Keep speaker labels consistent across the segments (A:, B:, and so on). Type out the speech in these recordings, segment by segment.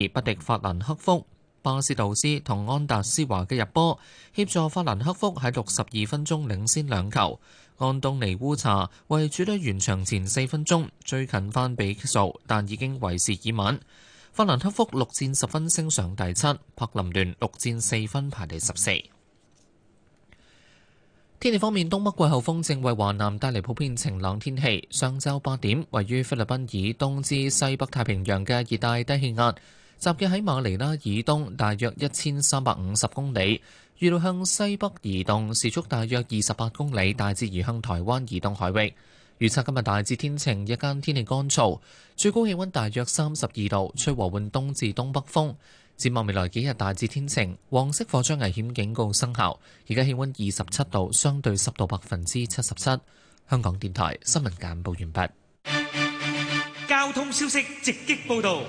A: 而不敵法蘭克福，巴斯杜斯同安達斯華嘅入波協助法蘭克福喺六十二分鐘領先兩球。安東尼烏查為主隊完場前四分鐘最近翻比數，但已經為時已晚。法蘭克福六戰十分升上第七，柏林聯六戰四分排第十四。天氣方面，東北季候風正為華南帶嚟普遍晴朗天氣。上周八點，位於菲律賓以東至西北太平洋嘅熱帶低氣壓。集結喺馬尼拉以東大約一千三百五十公里，預料向西北移動，時速大約二十八公里，大致移向台灣以東海域。預測今日大致天晴，日間天氣乾燥，最高氣溫大約三十二度，吹和緩東至東北風。展望未來幾日大致天晴，黃色火災危險警告生效。而家氣溫二十七度，相對濕度百分之七十七。香港電台新聞簡報完畢。交通消息直擊報道。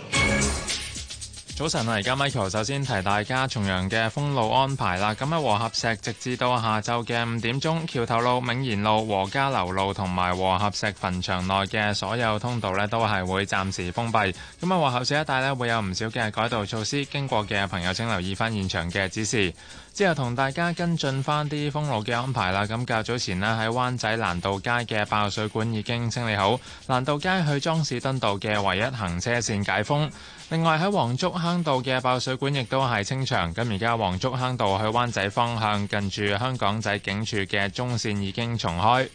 B: 早晨，而家 Michael，首先提大家重陽嘅封路安排啦。咁喺和合石，直至到下晝嘅五點鐘，橋頭路、銘賢路、和家樓路同埋和合石墳場內嘅所有通道咧，都係會暫時封閉。咁啊，和合石一帶咧，會有唔少嘅改道措施，經過嘅朋友請留意翻現場嘅指示。之後，同大家跟進翻啲封路嘅安排啦。咁較早前咧喺灣仔蘭道街嘅爆水管已經清理好，蘭道街去莊士敦道嘅唯一行車線解封。另外喺黃竹坑道嘅爆水管亦都係清場，咁而家黃竹坑道去灣仔方向近住香港仔警署嘅中線已經重開。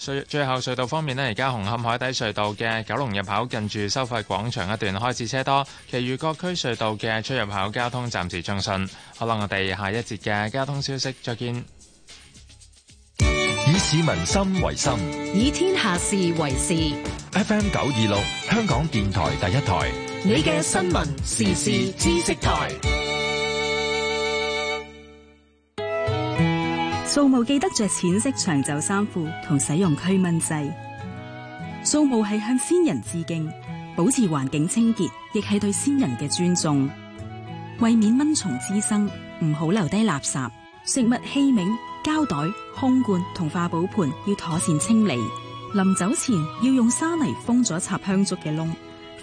B: 隧，最後隧道方面呢，而家紅磡海底隧道嘅九龍入口近住收費廣場一段開始車多，其餘各區隧道嘅出入口交通暫時暢順。好啦，我哋下一節嘅交通消息再見。以市民心為心，
C: 以天下事為
B: 事。FM 九二六，香港電台第一台。你嘅
A: 新聞時
C: 事知識台，掃墓記得着淺色長袖衫褲，同使用驅蚊劑。掃墓係向先人致敬，保持環境清潔，亦係對先人嘅尊重。為免蚊蟲滋生，唔好留低垃圾、食物器皿、膠袋、空罐同化寶盤，要妥善清理。臨走前要用沙泥封咗插香燭嘅窿。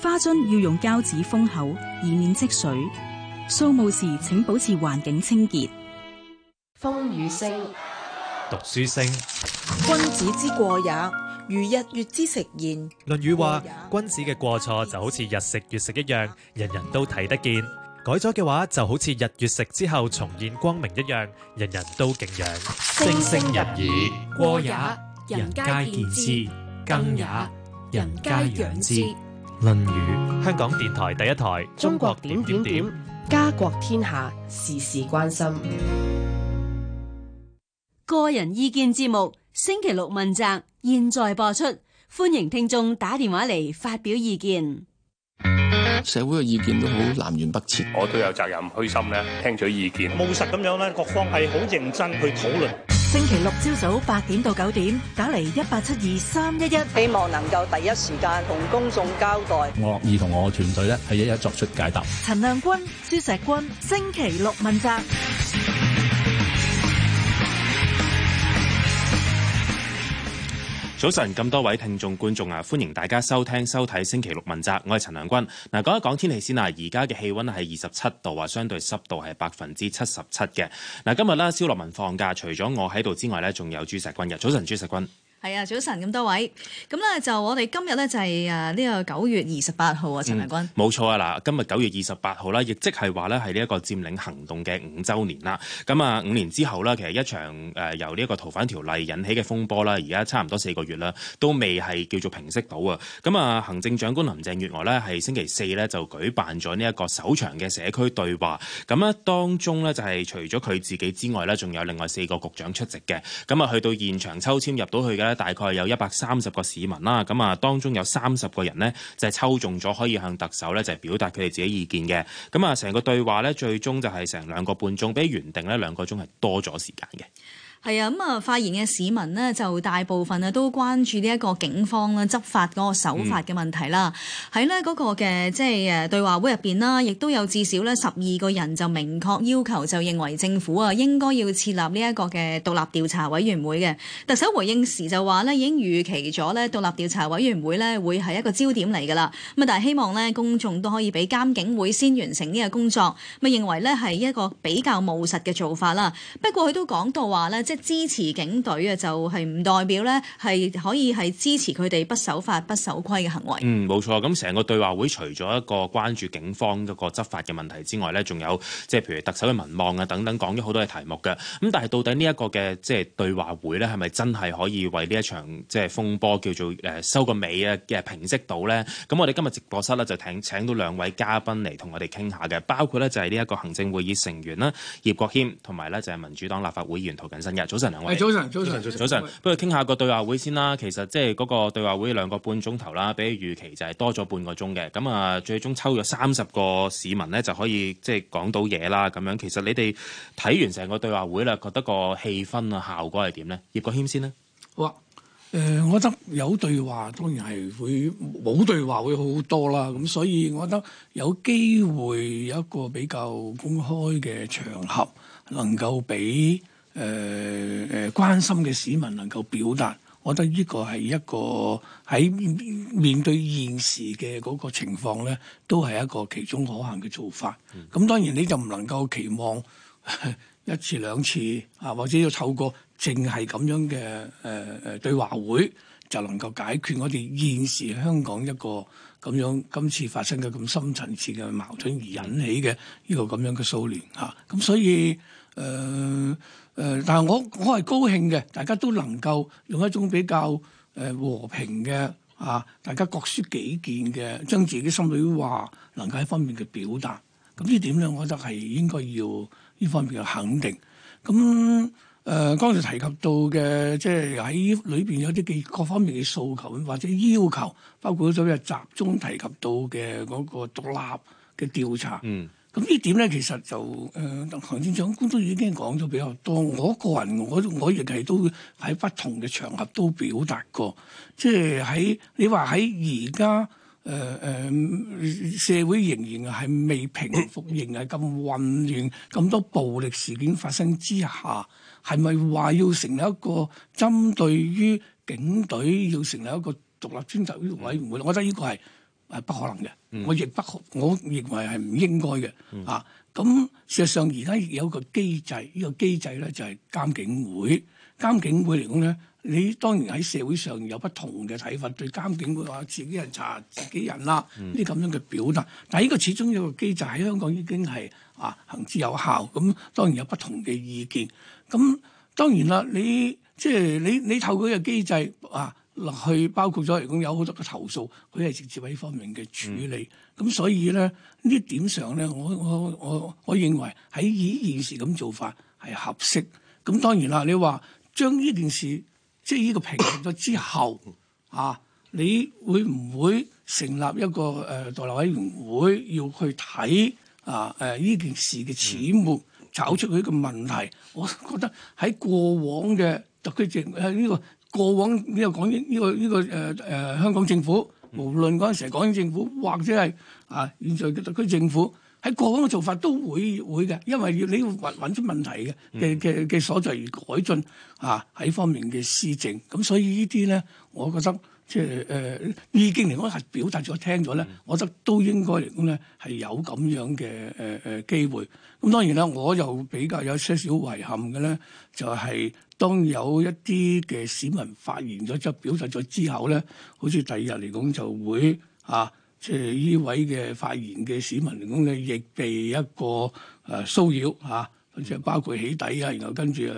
C: 花樽要用膠紙封口，以免積水。掃墓時請保持環境清潔。風雨聲，
B: 讀書聲，
C: 君子之過也，如日月之食現。
D: 《論語》話也：君子嘅過錯就好似日，日食月食一樣，人人都睇得見。改咗嘅話就好似日月食之後重現光明一樣，人人都敬
A: 仰。聲聲日耳，過也，人皆見之；更也，人皆養之。論語，香港電台第一台，中國點點點，點點，家國天下，事事關心。
C: 個人意見節目，星期六問責，現在播出，歡迎聽眾打電話嚟發表意見。
E: 社會嘅意見都好南轅北轍，我都有責任虛心咧聽取意見，務實咁樣咧，各方係好認真去討論。
C: 星期六朝早八點到九點，打嚟一八七二三一一，希望能夠第一時間同公眾交代。
D: 我樂意同我團隊咧，係一,一一作出解答。
C: 陳亮均、朱錫君，星期六問責。
D: 早晨，咁多位聽眾觀眾啊，歡迎大家收聽收睇星期六問責。我係陳亮均嗱，講一講天氣先啊。而家嘅氣溫係二十七度啊，相對濕度係百分之七十七嘅嗱。今日啦，蕭洛汶放假，除咗我喺度之外咧，仲有朱錫君嘅。早晨，朱錫君。
C: 係啊，早晨咁多位，咁咧就我哋今日咧就係誒呢個九月二十八號啊，陳亮
D: 均。冇錯啊，嗱，今日九月二十八號啦，亦即係話咧係呢一個佔領行動嘅五周年啦。咁啊，五年之後呢，其實一場誒由呢一個逃犯條例引起嘅風波啦，而家差唔多四個月啦，都未係叫做平息到啊。咁啊，行政長官林鄭月娥呢，係星期四咧就舉辦咗呢一個首場嘅社區對話。咁啊，當中呢，就係除咗佢自己之外呢，仲有另外四個局長出席嘅。咁啊，去到現場抽簽入到去嘅。大概有一百三十個市民啦，咁啊當中有三十個人呢，就係抽中咗可以向特首咧就係表達佢哋自己意見嘅，咁啊成個對話咧，最終就係成兩個半鐘，比原定呢兩個鐘係多咗時間嘅。
C: 係啊，咁啊，發言嘅市民呢，就大部分啊，都關注呢一個警方呢執法嗰個手法嘅問題啦。喺呢嗰個嘅即係誒對話會入邊啦，亦都有至少呢十二個人就明確要求就認為政府啊應該要設立呢一個嘅獨立調查委員會嘅。特首回應時就話呢，已經預期咗呢獨立調查委員會呢會係一個焦點嚟㗎啦。咁啊，但係希望呢，公眾都可以俾監警會先完成呢個工作，咁認為呢係一個比較務實嘅做法啦。不過佢都講到話呢，即支持警隊嘅就係唔代表呢係可以係支持佢哋不守法、不守規嘅行為。
D: 嗯，冇錯。咁、嗯、成個對話會除咗一個關注警方嗰個執法嘅問題之外呢，仲有即係譬如特首嘅民望啊等等，講咗好多嘅題目嘅。咁但係到底呢一個嘅即係對話會呢，係咪真係可以為呢一場即係、就是、風波叫做誒、呃、收個尾啊嘅平息到呢？咁、嗯、我哋今日直播室呢，就請請到兩位嘉賓嚟同我哋傾下嘅，包括呢就係呢一個行政會議成員啦，葉國謙，同埋呢就係民主黨立法會議員涂謹申。日早晨，兩位早晨，早晨，早晨。早晨，不如傾下個對話會先啦。其實即係嗰個對話會兩個半鐘頭啦，比起預期就係多咗半個鐘嘅。咁啊，最終抽咗三十個市民咧，就可以即係講到嘢啦。咁樣，其實你哋睇完成個對話會啦，覺得個氣氛啊，效果係點咧？葉國謙先呢？
E: 好啊。誒、呃，我覺得有對話當然係會冇對話會好好多啦。咁所以我覺得有機會有一個比較公開嘅場合，能夠俾。誒誒、呃，關心嘅市民能夠表達，我覺得呢個係一個喺面對現時嘅嗰個情況咧，都係一個其中可行嘅做法。咁、嗯、當然你就唔能夠期望一次兩次啊，或者要透過淨係咁樣嘅誒誒對話會，就能夠解決我哋現時香港一個咁樣今次發生嘅咁深層次嘅矛盾而引起嘅呢個咁樣嘅騷亂嚇。咁、啊、所以誒。呃誒、呃，但係我我係高興嘅，大家都能夠用一種比較誒、呃、和平嘅啊，大家各抒己見嘅，將自己心裏邊話能夠喺方面嘅表達，咁呢點咧，我覺得係應該要呢方面嘅肯定。咁誒、呃，剛才提及到嘅，即係喺裏邊有啲幾各方面嘅訴求或者要求，包括咗咩集中提及到嘅嗰個獨立嘅調查。嗯。咁呢點咧，其實就誒，行政長官都已經講咗比較多。我個人，我我亦係都喺不同嘅場合都表達過，即係喺你話喺而家誒誒社會仍然係未平復，仍然係咁混亂，咁多暴力事件發生之下，係咪話要成立一個針對於警隊要成立一個獨立專責委員會？我覺得呢個係。係不可能嘅，我亦不，我認為係唔應該嘅。嗯、啊，咁事實上而家有個機制，呢、呢個機制咧就係監警會。監警會嚟講咧，你當然喺社會上有不同嘅睇法，對監警會話自己人查自己人啦、啊，呢咁樣嘅表達。但係呢個始終有個機制喺香港已經係啊行之有效。咁當然有不同嘅意見。咁當然啦，你即係你你透過呢個機制啊。落去包括咗，嚟講有好多嘅投訴，佢係直接喺呢方面嘅處理。咁、嗯、所以咧呢點上咧，我我我我認為喺以現時咁做法係合適。咁當然啦，你話將呢件事即係呢個平咗之後啊，你會唔會成立一個誒獨、呃、立委員會要去睇啊誒呢、呃、件事嘅始末，找出佢嘅問題？嗯、我覺得喺過往嘅特區政誒呢個。過往呢、這個港英呢呢個呢、這個誒誒、呃、香港政府，無論嗰陣時港英政府，或者係啊現在嘅特區政府，喺過往嘅做法都會會嘅，因為你要揾揾出問題嘅嘅嘅所在而改進啊喺方面嘅施政，咁所以呢啲咧，我覺得。即係誒、呃，已經嚟講係表達咗，聽咗咧，我覺得都應該嚟講咧係有咁樣嘅誒誒機會。咁當然啦，我又比較有些少遺憾嘅咧，就係、是、當有一啲嘅市民發言咗即係表達咗之後咧，好似第二日嚟講就會啊，即係呢位嘅發言嘅市民嚟講咧，亦被一個誒、呃、騷擾嚇。啊即係包括起底啊，然後跟住啊，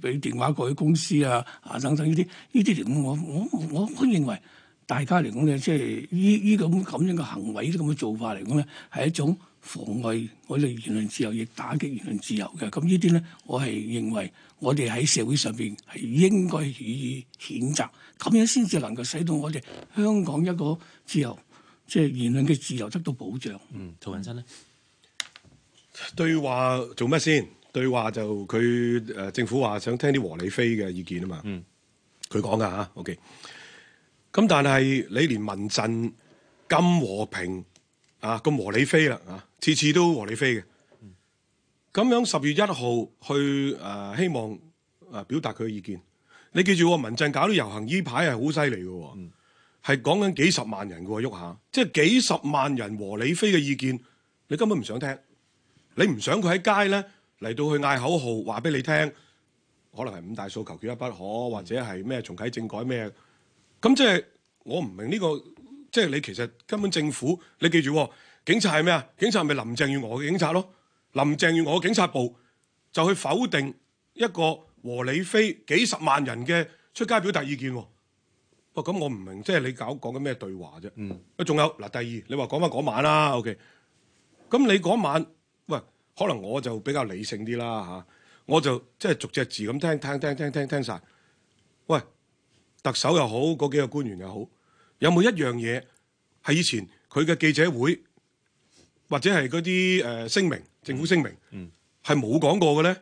E: 俾電話過去公司啊，啊等等呢啲呢啲，我我我我認為大家嚟講咧，即係呢呢咁咁樣嘅行為，呢啲咁嘅做法嚟講咧，係一種妨礙我哋言論自由，亦打擊言論自由嘅。咁呢啲咧，我係認為我哋喺社會上邊係應該予以譴責，咁樣先至能夠使到我哋香港一個自由，即係言論嘅自由得到保障。嗯，
F: 涂謹申咧。對話做咩先？對話就佢誒、呃、政府話想聽啲和理非嘅意見啊嘛。嗯，佢講噶嚇。OK。咁、okay、但係你連民陣咁和平啊，咁和理非啦啊，次次都和理非嘅。咁、嗯、樣十月一號去誒、呃，希望誒表達佢嘅意見。你記住，民陣搞到遊行，依排係好犀利嘅，係講緊幾十萬人嘅喐下，即係幾十萬人和理非嘅意見，你根本唔想聽。你唔想佢喺街咧，嚟到去嗌口號，話俾你聽，可能係五大訴求缺一不可，或者係咩重啟政改咩？咁即係我唔明呢個，即係你其實根本政府，你記住警察係咩啊？警察係咪林鄭月娥嘅警察咯？林鄭月娥嘅警察部就去否定一個和理非幾十萬人嘅出街表達意見。哦，咁我唔明，即係你搞講緊咩對話啫？嗯，仲有嗱，第二，你話講翻嗰晚啦，OK，咁你嗰晚。OK, 那可能我就比較理性啲啦嚇，我就即係逐隻字咁聽聽聽聽聽聽晒。喂，特首又好，嗰幾個官員又好，有冇一樣嘢係以前佢嘅記者會或者係嗰啲誒聲明、政府聲明係冇講過嘅咧？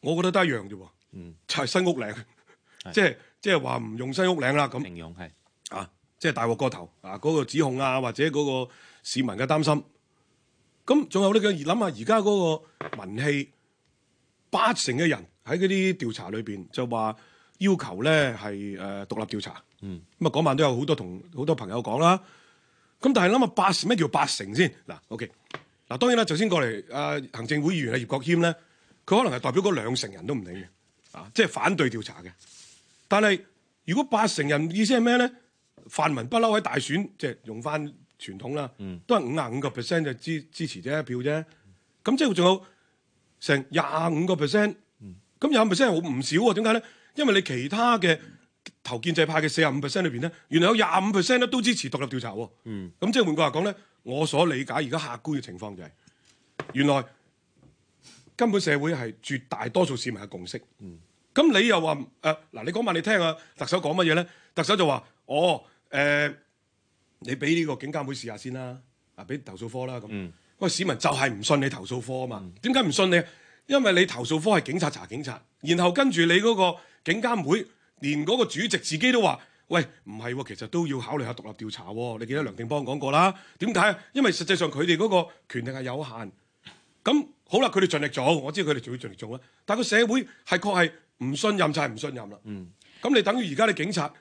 F: 我覺得都一樣啫喎，嗯、就係新屋嶺，即係即係話唔用新屋嶺啦咁。形容係啊，即、就、係、是、大鑊個頭啊，嗰、那個指控啊，或者嗰個市民嘅擔心。咁仲有咧，佢諗下而家嗰個民氣，八成嘅人喺嗰啲調查裏邊就話要求咧係誒獨立調查。嗯，咁啊嗰晚都有好多同好多朋友講啦。咁但係諗下八成咩叫八成先嗱？OK，嗱當然啦，頭先過嚟啊、呃、行政會議員啊葉國謙咧，佢可能係代表嗰兩成人都唔理嘅啊，即係反對調查嘅。但係如果八成人意思係咩咧？泛民不嬲喺大選即係用翻。傳統啦，都係五十五個 percent 就支支持啫，票啫。咁即係仲有成廿五個 percent，咁廿五 percent 好唔少喎。點解咧？因為你其他嘅投建制派嘅四十五 percent 裏邊咧，原來有廿五 percent 咧都支持獨立調查喎。咁即係換句話講咧，我所理解而家客觀嘅情況就係、是、原來根本社會係絕大多數市民嘅共識。咁、嗯、你又話誒嗱？你講埋你聽啊，特首講乜嘢咧？特首就話：哦，誒、呃。你俾呢個警監會試下先啦，啊俾投訴科啦咁。喂，嗯，個市民就係唔信你投訴科啊嘛？點解唔信你？因為你投訴科係警察查警察，然後跟住你嗰個警監會，連嗰個主席自己都話：「喂，唔係，其實都要考慮下獨立調查哦。」你記得梁定邦講過啦？點解？因為實際上佢哋嗰個權力係有限。咁好啦，佢哋盡力做，我知佢哋仲要盡力做啦。但個社會係確係唔信任就係唔信任啦。咁，嗯，你等於而家你警察，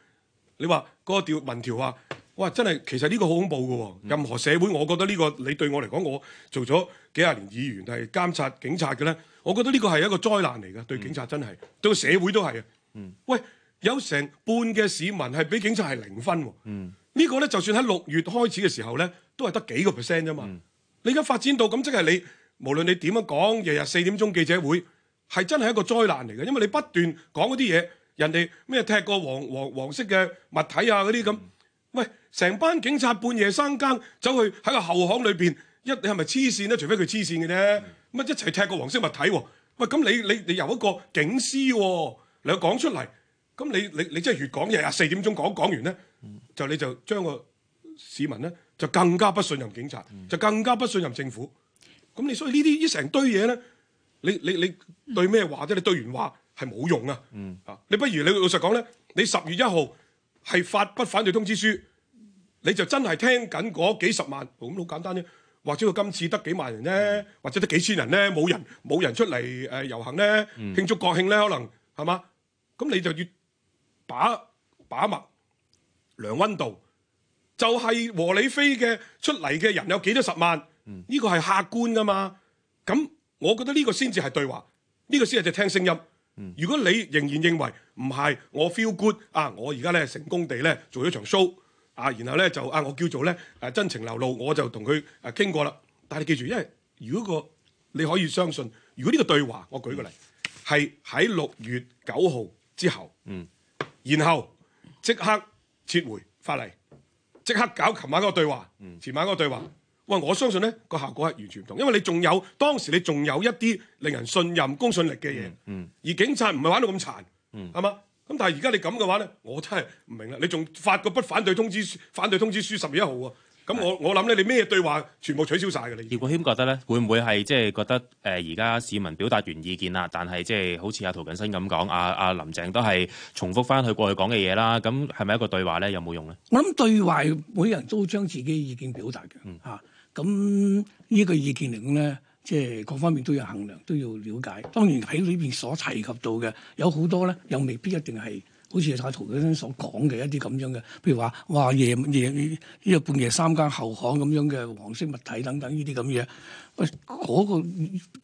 F: 你話嗰個民調啊？哇！真係其實呢個好恐怖嘅、哦，嗯、任何社會，我覺得呢、呢個你對我嚟講，我做咗幾廿年議員，係監察警察嘅咧，我覺得呢個係一個災難嚟嘅，嗯、對警察真係，對社會都係啊。嗯、喂，有成半嘅市民係俾警察係零分、哦。嗯，個呢個咧就算喺六月開始嘅時候咧，都係得幾個 percent 啫嘛。嗯、你而家發展到咁，即係你無論你點樣講，日日四點鐘記者會係真係一個災難嚟嘅，因為你不斷講嗰啲嘢，人哋咩踢過黃黃黃色嘅物體啊嗰啲咁。嗯喂，成班警察半夜三更走去喺個後巷裏邊，一你係咪黐線咧？除非佢黐線嘅啫，咁、嗯、一齊踢個黃色物體喎、哦。喂，咁你你你由一個警司、哦、你嚟講出嚟，咁你你你真係越講，日日四點鐘講講完咧，嗯、就你就將個市民咧就更加不信任警察，嗯、就更加不信任政府。咁你所以呢啲呢成堆嘢咧，你你你，你對咩話啫？你對完話係冇用、嗯、啊。啊，你不如你老實講咧，你十月一號。係發不反對通知書，你就真係聽緊嗰幾十萬，咁好簡單啫。或者佢今次得幾萬人咧，嗯、或者得幾千人咧，冇人冇、嗯、人出嚟誒、呃、遊行咧，嗯、慶祝國慶咧，可能係嘛？咁你就要把把脈量温度，就係、是、和理非嘅出嚟嘅人有幾多十萬？呢、嗯、個係客觀噶嘛？咁我覺得呢個先至係對話，呢、這個先係就聽聲音。如果你仍然認為唔係，我 feel good 啊，我而家咧成功地咧做咗場 show 啊，然後咧就啊，我叫做咧誒、啊、真情流露，我就同佢誒傾過啦。但係你記住，因為如果個你可以相信，如果呢個對話，我舉個例係喺六月九號之後，
D: 嗯，
F: 然後即刻撤回法例，即刻搞琴晚嗰個對話，嗯、前晚嗰個對話。我相信咧個效果係完全唔同，因為你仲有當時你仲有一啲令人信任公信力嘅嘢、嗯。嗯。而警察唔係玩到咁殘。嗯。係嘛？咁但係而家你咁嘅話咧，我真係唔明啦。你仲發個不反對通知書、反對通知書十月一號喎、啊？咁我的我諗咧，你咩對話全部取消晒㗎啦？葉國
D: 謙覺得咧，會唔會係即係覺得誒？而家市民表達完意見啦，但係即係好似阿涂謹申咁講，阿阿林鄭都係重複翻佢過去講嘅嘢啦。咁係咪一個對話咧？有冇用咧？
E: 我諗對話，每人都將自己意見表達嘅嚇。嗯啊咁呢個意見嚟講咧，即係各方面都要衡量，都要了解。當然喺裏邊所提及到嘅，有好多咧，又未必一定係好似阿涂醫生所講嘅一啲咁樣嘅，譬如話，哇夜夜呢個半夜三更後巷咁樣嘅黃色物體等等呢啲咁嘢。喂，嗰個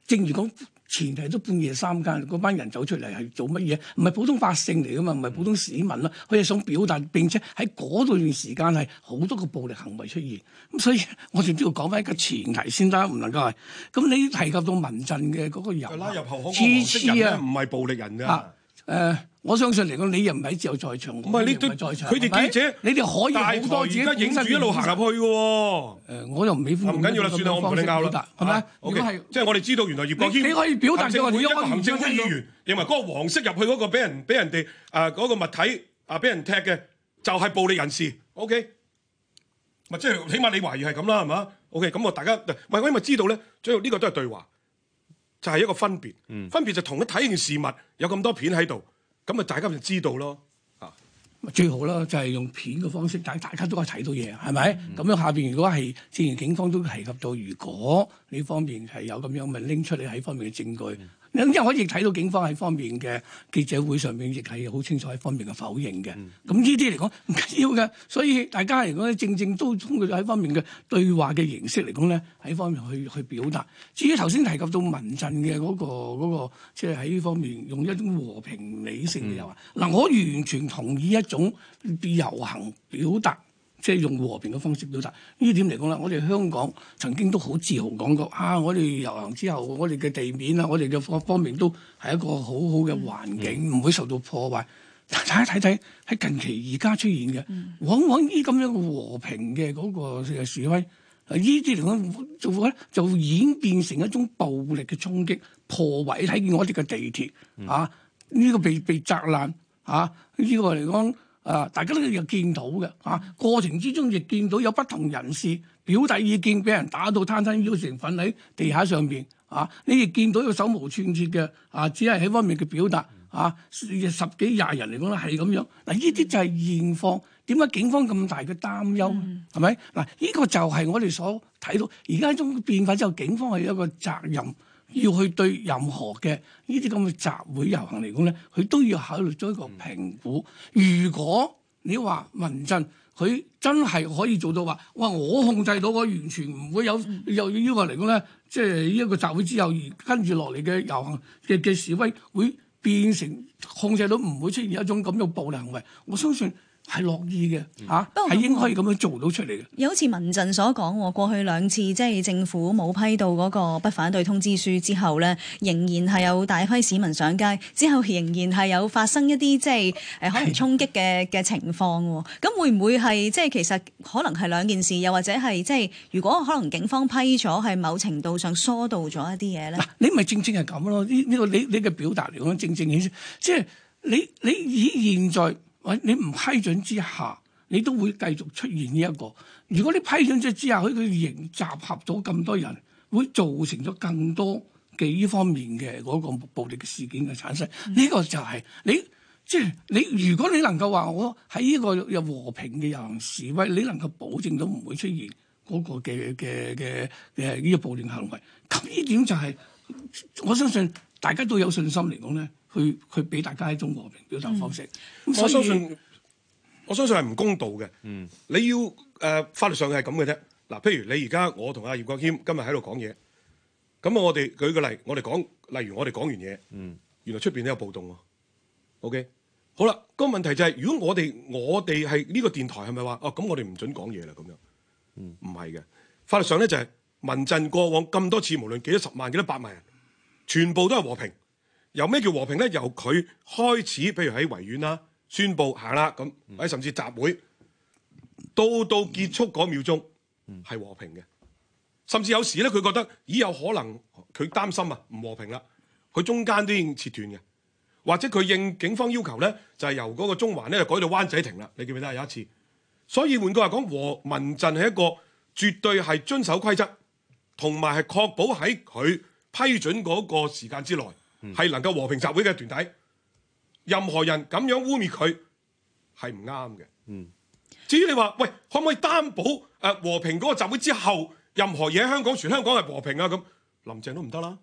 E: 正如講。前提都半夜三更，嗰班人走出嚟係做乜嘢？唔係普通百姓嚟噶嘛，唔係普通市民咯。佢哋想表達，並且喺嗰段時間係好多個暴力行為出現。咁所以我哋都要講翻一個前提先得，唔能夠。咁你提及到民陣嘅嗰個人，人人次次啊，唔係暴力人㗎。誒，我相信嚟講，你又唔係只有在場嘅，唔係你對在場，佢哋記者，你哋可以好多自己影住一路行入去嘅喎。誒，我又唔喜歡，唔緊要啦，算啦，我唔同你拗啦，係咪？OK
F: 即係我哋知道原來葉國謙，你你可以表達，你話每一個行政會議員認為嗰個黃色入去嗰個俾人俾人哋誒嗰個物體啊，俾人踢嘅就係暴力人士。OK，咪即係起碼你懷疑係咁啦，係嘛？OK，咁我大家，唔係我因為知道咧，最後呢個都係對話。就係一個分別，嗯、分別就同一睇件事物有咁多片喺度，咁啊大家就知道咯。
E: 啊，最好啦，就係用片嘅方式，大大家都可以睇到嘢，係咪？咁、嗯、樣下邊如果係，之前警方都提及到，如果呢方面係有咁樣，咪拎出你喺方面嘅證據，嗯有啲人可以睇到警方喺方面嘅記者會上面亦係好清楚喺方面嘅否認嘅。咁呢啲嚟講唔緊要嘅，所以大家嚟講咧正正都通過喺方面嘅對話嘅形式嚟講咧，喺方面去去表達。至於頭先提及到民陣嘅嗰個嗰個，即係喺呢方面用一種和平理性嘅遊行。嗱、嗯，我完全同意一種遊行表達。即係用和平嘅方式表達，呢點嚟講咧，我哋香港曾經都好自豪講過啊！我哋遊行之後，我哋嘅地面啊，我哋嘅各方面都係一個好好嘅環境，唔、嗯嗯、會受到破壞。大家睇睇喺近期而家出現嘅，往往呢咁樣和平嘅嗰個示威，呢啲嚟講就會咧，就演變成一種暴力嘅衝擊破壞。睇見我哋嘅地鐵啊，呢、這個被被砸爛啊，呢、這個嚟講。啊！大家都有見到嘅，啊過程之中亦見到有不同人士表達意見，俾人打到攤攤腰，成分喺地下上邊，啊！你亦見到有手無寸鐵嘅，啊！只係喺方面嘅表達，啊！十幾廿人嚟講咧係咁樣。嗱、啊，依啲就係現況。點解警方咁大嘅擔憂？係咪、嗯？嗱，依、啊這個就係我哋所睇到而家呢種變化之後，警方係一個責任。要去對任何嘅呢啲咁嘅集會遊行嚟講咧，佢都要考慮咗一個評估。如果你話民陣佢真係可以做到話，哇！「我控制到我完全唔會有又要要求。」嚟講咧，即係呢一個集會之後而跟住落嚟嘅遊行嘅嘅示威會變成控制到唔會出現一種咁嘅暴力行為，我相信。係樂意嘅嚇，係、嗯、應該以咁樣做到出嚟嘅。
C: 又好似民陣所講，過去兩次即係政府冇批到嗰個不反對通知書之後咧，仍然係有大批市民上街，之後仍然係有發生一啲即係誒可能衝擊嘅嘅情況。咁是會唔會係即係其實可能係兩件事，又或者係即係如果可能警方批咗，係某
E: 程度上疏導咗一啲嘢咧？你咪正正係咁咯？呢呢個你你嘅表達嚟講，正正顯出即係你你以現在。喂，你唔批准之下，你都會繼續出現呢、這、一個。如果你批准咗之下，佢佢仍集合咗咁多人，會造成咗更多嘅呢方面嘅嗰個暴力事件嘅產生。呢、嗯、個就係、是、你即係你，如果你能夠話我喺呢個有和平嘅遊行示威，你能夠保證到唔會出現嗰個嘅嘅嘅呢個暴亂行為，咁呢點就係、是、我相信大家都有信心嚟講咧。佢佢俾大家一種和平表達方式，mm. 以我相信我相信係唔公道嘅。嗯，mm.
F: 你要誒、呃、法律上係咁嘅啫。嗱，譬如你而家我同阿葉國謙今日喺度講嘢，咁我哋舉個例，我哋講例如我哋講完嘢，嗯，mm. 原來出邊都有暴動喎。OK，好啦，個問題就係、是、如果我哋我哋係呢個電台係咪話哦咁我哋唔準講嘢啦咁樣？唔係嘅，法律上咧就係民陣過往咁多次，無論幾多十萬幾多百萬人，全部都係和平。由咩叫和平咧？由佢開始，譬如喺維園啦，宣佈行啦咁，喺甚至集會到到結束嗰秒鐘，係和平嘅。甚至有時咧，佢覺得咦有可能佢擔心啊唔和平啦，佢中間都已經切斷嘅，或者佢應警方要求咧，就係、是、由嗰個中環咧改到灣仔停啦。你記唔記得有一次？所以換句話講，和民陣係一個絕對係遵守規則，同埋係確保喺佢批准嗰個時間之內。係能夠和平集會嘅團體，任何人咁樣污衊佢係唔啱嘅。嗯，至於你話喂，可唔可以擔保誒、呃、和平嗰個集會之後，任何嘢喺香港全香港係和平啊？咁林鄭都唔得啦。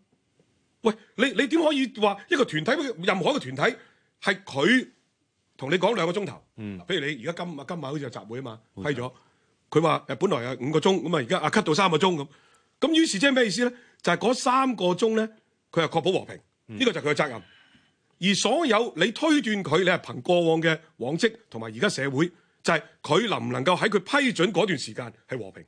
F: 喂，你你點可以話一個團體，任何一個團體係佢同你講兩個鐘頭？嗯，譬如你而家今日今晚好似有集會啊嘛，批咗像，佢話誒本來係五個鐘，咁啊而家啊 cut 到三個鐘咁，咁於是即係咩意思咧？就係、是、嗰三個鐘咧，佢係確保和平。呢個就係佢嘅責任，而所有你推斷佢，你係憑過往嘅往績同埋而家社會，就係、是、佢能唔能夠喺佢批准嗰段時間係和平。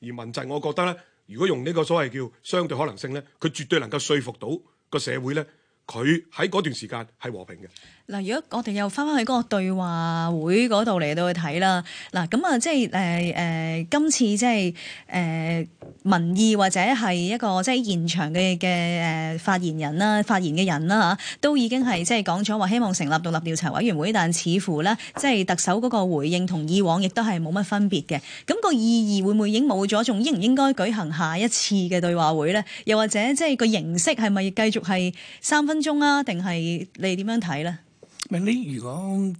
F: 而民陣，我覺得咧，如果用呢個所謂叫相對可能性咧，佢絕對能夠說服到個社會咧，佢喺嗰段時間係和平嘅。
C: 嗱，如果我哋又翻翻去嗰個對話會嗰度嚟到去睇啦，嗱咁啊，即係誒誒，今次即係誒民意或者係一個即係現場嘅嘅誒發言人啦、發言嘅人啦、啊、嚇，都已經係即係講咗話希望成立獨立，立調查委員會，但似乎咧即係特首嗰個回應同以往亦都係冇乜分別嘅。咁個意義會唔會已經冇咗？仲應唔應該舉行下一次嘅對話會咧？又或者即係個形式係咪繼續係三分鐘啊？定係你點樣睇咧？
E: 咪你如果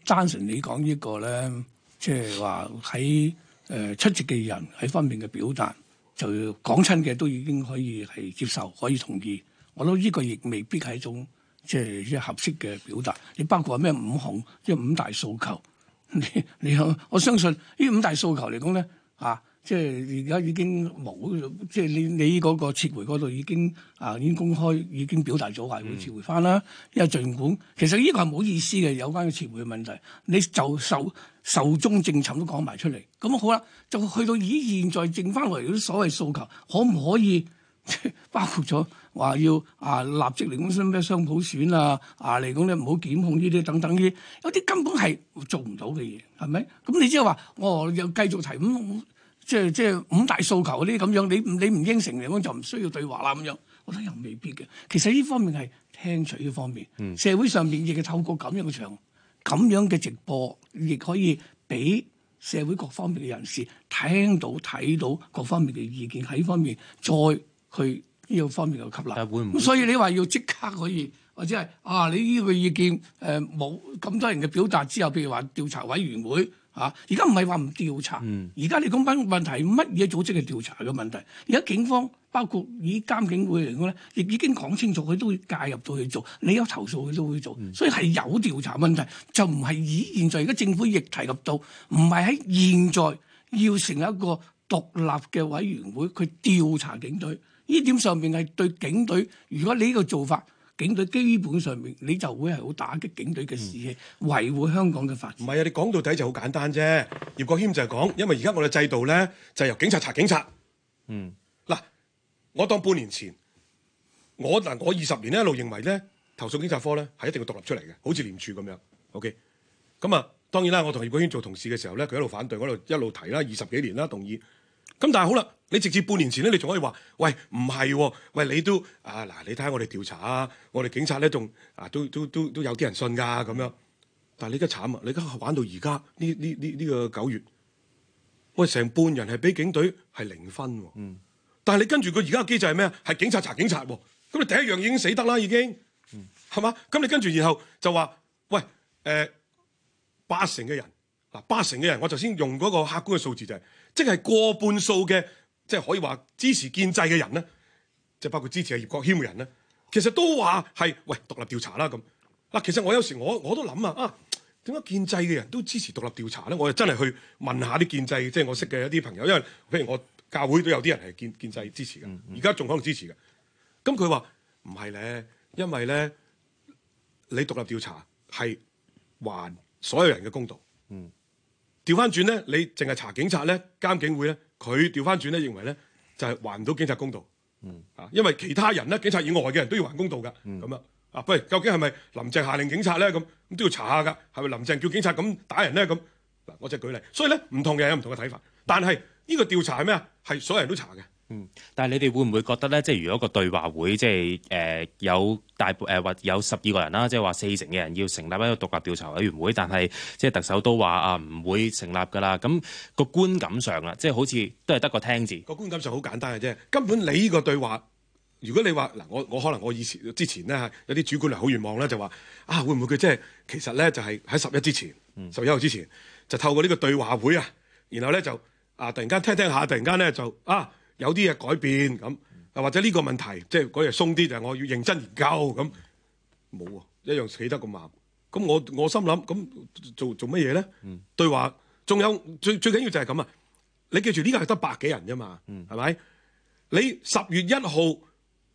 E: 贊成你講呢個咧，即係話喺誒出席嘅人喺方面嘅表達，就要講親嘅都已經可以係接受，可以同意。我諗呢個亦未必係一種即係一合適嘅表達。你包括咩五項，即係五大訴求，你你我我相信呢五大訴求嚟講咧啊。即係而家已經冇，即係你你嗰個撤回嗰度已經啊，已經公開已經表達咗話會撤回翻啦。嗯、因為儘管其實呢個係冇意思嘅，有關嘅撤回嘅問題，你就壽終正寢都講埋出嚟，咁、嗯、好啦，就去到以現在剩翻落嚟啲所謂訴求，可唔可以包括咗話要啊立即嚟講，咩雙普選啊啊嚟講你唔好檢控呢啲等等啲，有啲根本係做唔到嘅嘢，係咪？咁你即係話我又繼續提咁。嗯即係即係五大訴求啲咁樣，你你唔應承嚟講就唔需要對話啦咁樣，我覺得又未必嘅。其實呢方面係聽取呢方面，嗯、社會上面亦係透過咁樣嘅場、咁樣嘅直播，亦可以俾社會各方面嘅人士聽到、睇到各方面嘅意見喺呢方面，再去呢個方面嘅吸納。咁會唔會所以你話要即刻可以，或者係啊，你呢個意見誒冇咁多人嘅表達之後，譬如話調查委員會。啊！而家唔係話唔調查，而家、嗯、你講翻問題，乜嘢組織係調查嘅問題？而家警方包括以監警會嚟講咧，亦已經講清楚，佢都會介入到去做。你有投訴，佢都會做，嗯、所以係有調查問題，就唔係以現在而家政府亦提及到，唔係喺現在要成立一個獨立嘅委員會去調查警隊。呢點上面係對警隊，如果你呢個做法。警隊基本上面你就會係好打擊警隊嘅士氣，嗯、維護香港嘅法治。唔係啊，你講到底就好簡單啫。葉國謙
F: 就係講，因為而家我哋制度咧就係、是、由警察查警察。
D: 嗯，
F: 嗱，我當半年前，我嗱我二十年咧一路認為咧，投訴警察科咧係一定要獨立出嚟嘅，好似廉署咁樣。OK，咁啊，當然啦，我同葉國謙做同事嘅時候咧，佢一路反對，我一路一路提啦，二十幾年啦，同意。咁但係好啦，你直至半年前咧，你仲可以話喂唔係，喂,、喎、喂你都啊嗱，你睇下我哋調查啊，我哋警察咧仲啊都都都都有啲人信噶咁樣。但係你而家慘啊，你而家玩到而家呢呢呢呢個九月，喂成半人係俾警隊係零分、喎。嗯。但係你跟住個而家嘅機制係咩啊？係警察查警察、喎，咁你第一樣已經死得啦已經，嗯，係嘛？咁你跟住然後就話喂誒、呃、八成嘅人嗱八成嘅人，我頭先用嗰個客觀嘅數字就係、係。即係過半數嘅，即係可以話支持建制嘅人咧，即係包括支持阿葉國謙嘅人咧，其實都話係喂獨立調查啦咁。嗱，其實我有時我我都諗啊，啊，點解建制嘅人都支持獨立調查咧？我就真係去問下啲建制，即係我識嘅一啲朋友，因為譬如我教會都有啲人係建建制支持嘅，而家仲可能支持嘅。咁佢話唔係咧，因為咧你獨立調查係還所有人嘅公道。嗯。調翻轉咧，你淨係查警察咧，監警會咧，佢調翻轉咧，認為咧就係、是、還唔到警察公道，啊、嗯，因為其他人咧，警察以外嘅人都要還公道噶，咁啊、嗯，啊，喂，究竟係咪林鄭下令警察咧咁，咁都要查下噶，係咪林鄭叫警察咁打人咧咁？嗱，我就舉例，所以咧唔同嘅人有唔同嘅睇法，但係呢個調查係咩啊？係所有人都查嘅。嗯，但係你哋會唔會覺得
D: 咧？即係如果個對話會，即係誒、呃、有大誒或、呃、有十二個人啦，即係話四成嘅人要成立一個獨立調查委員會，但係即係特首都話啊，唔會成立㗎喇。咁、那個觀感上啦，即係好似都係得個聽字。個
F: 觀感上好簡單嘅啫，根本你呢個對話，如果你話嗱，我我可能我以前之前咧有啲主觀嚟好願望咧，就話啊，會唔會佢即係其實咧就係喺十一之前，十一號之前、嗯、就透過呢個對話會啊，然後咧就啊，突然間聽聽下，突然間咧就啊。啊啊有啲嘢改變咁，啊或者呢個問題即係嗰日鬆啲，就係、是、我要認真研究咁，冇喎、啊、一樣企得咁慢，咁我我心諗咁做做乜嘢咧？嗯、對話仲有最最緊要就係咁啊！你記住呢、呢個係得百幾人啫嘛，係咪、嗯？你十月一號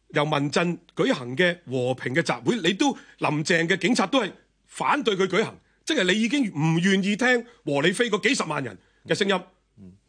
F: 由民陣舉行嘅和平嘅集會，你都林鄭嘅警察都係反對佢舉行，即、就、係、是、你已經唔願意聽和理非嗰幾十萬人嘅聲音。嗯嗯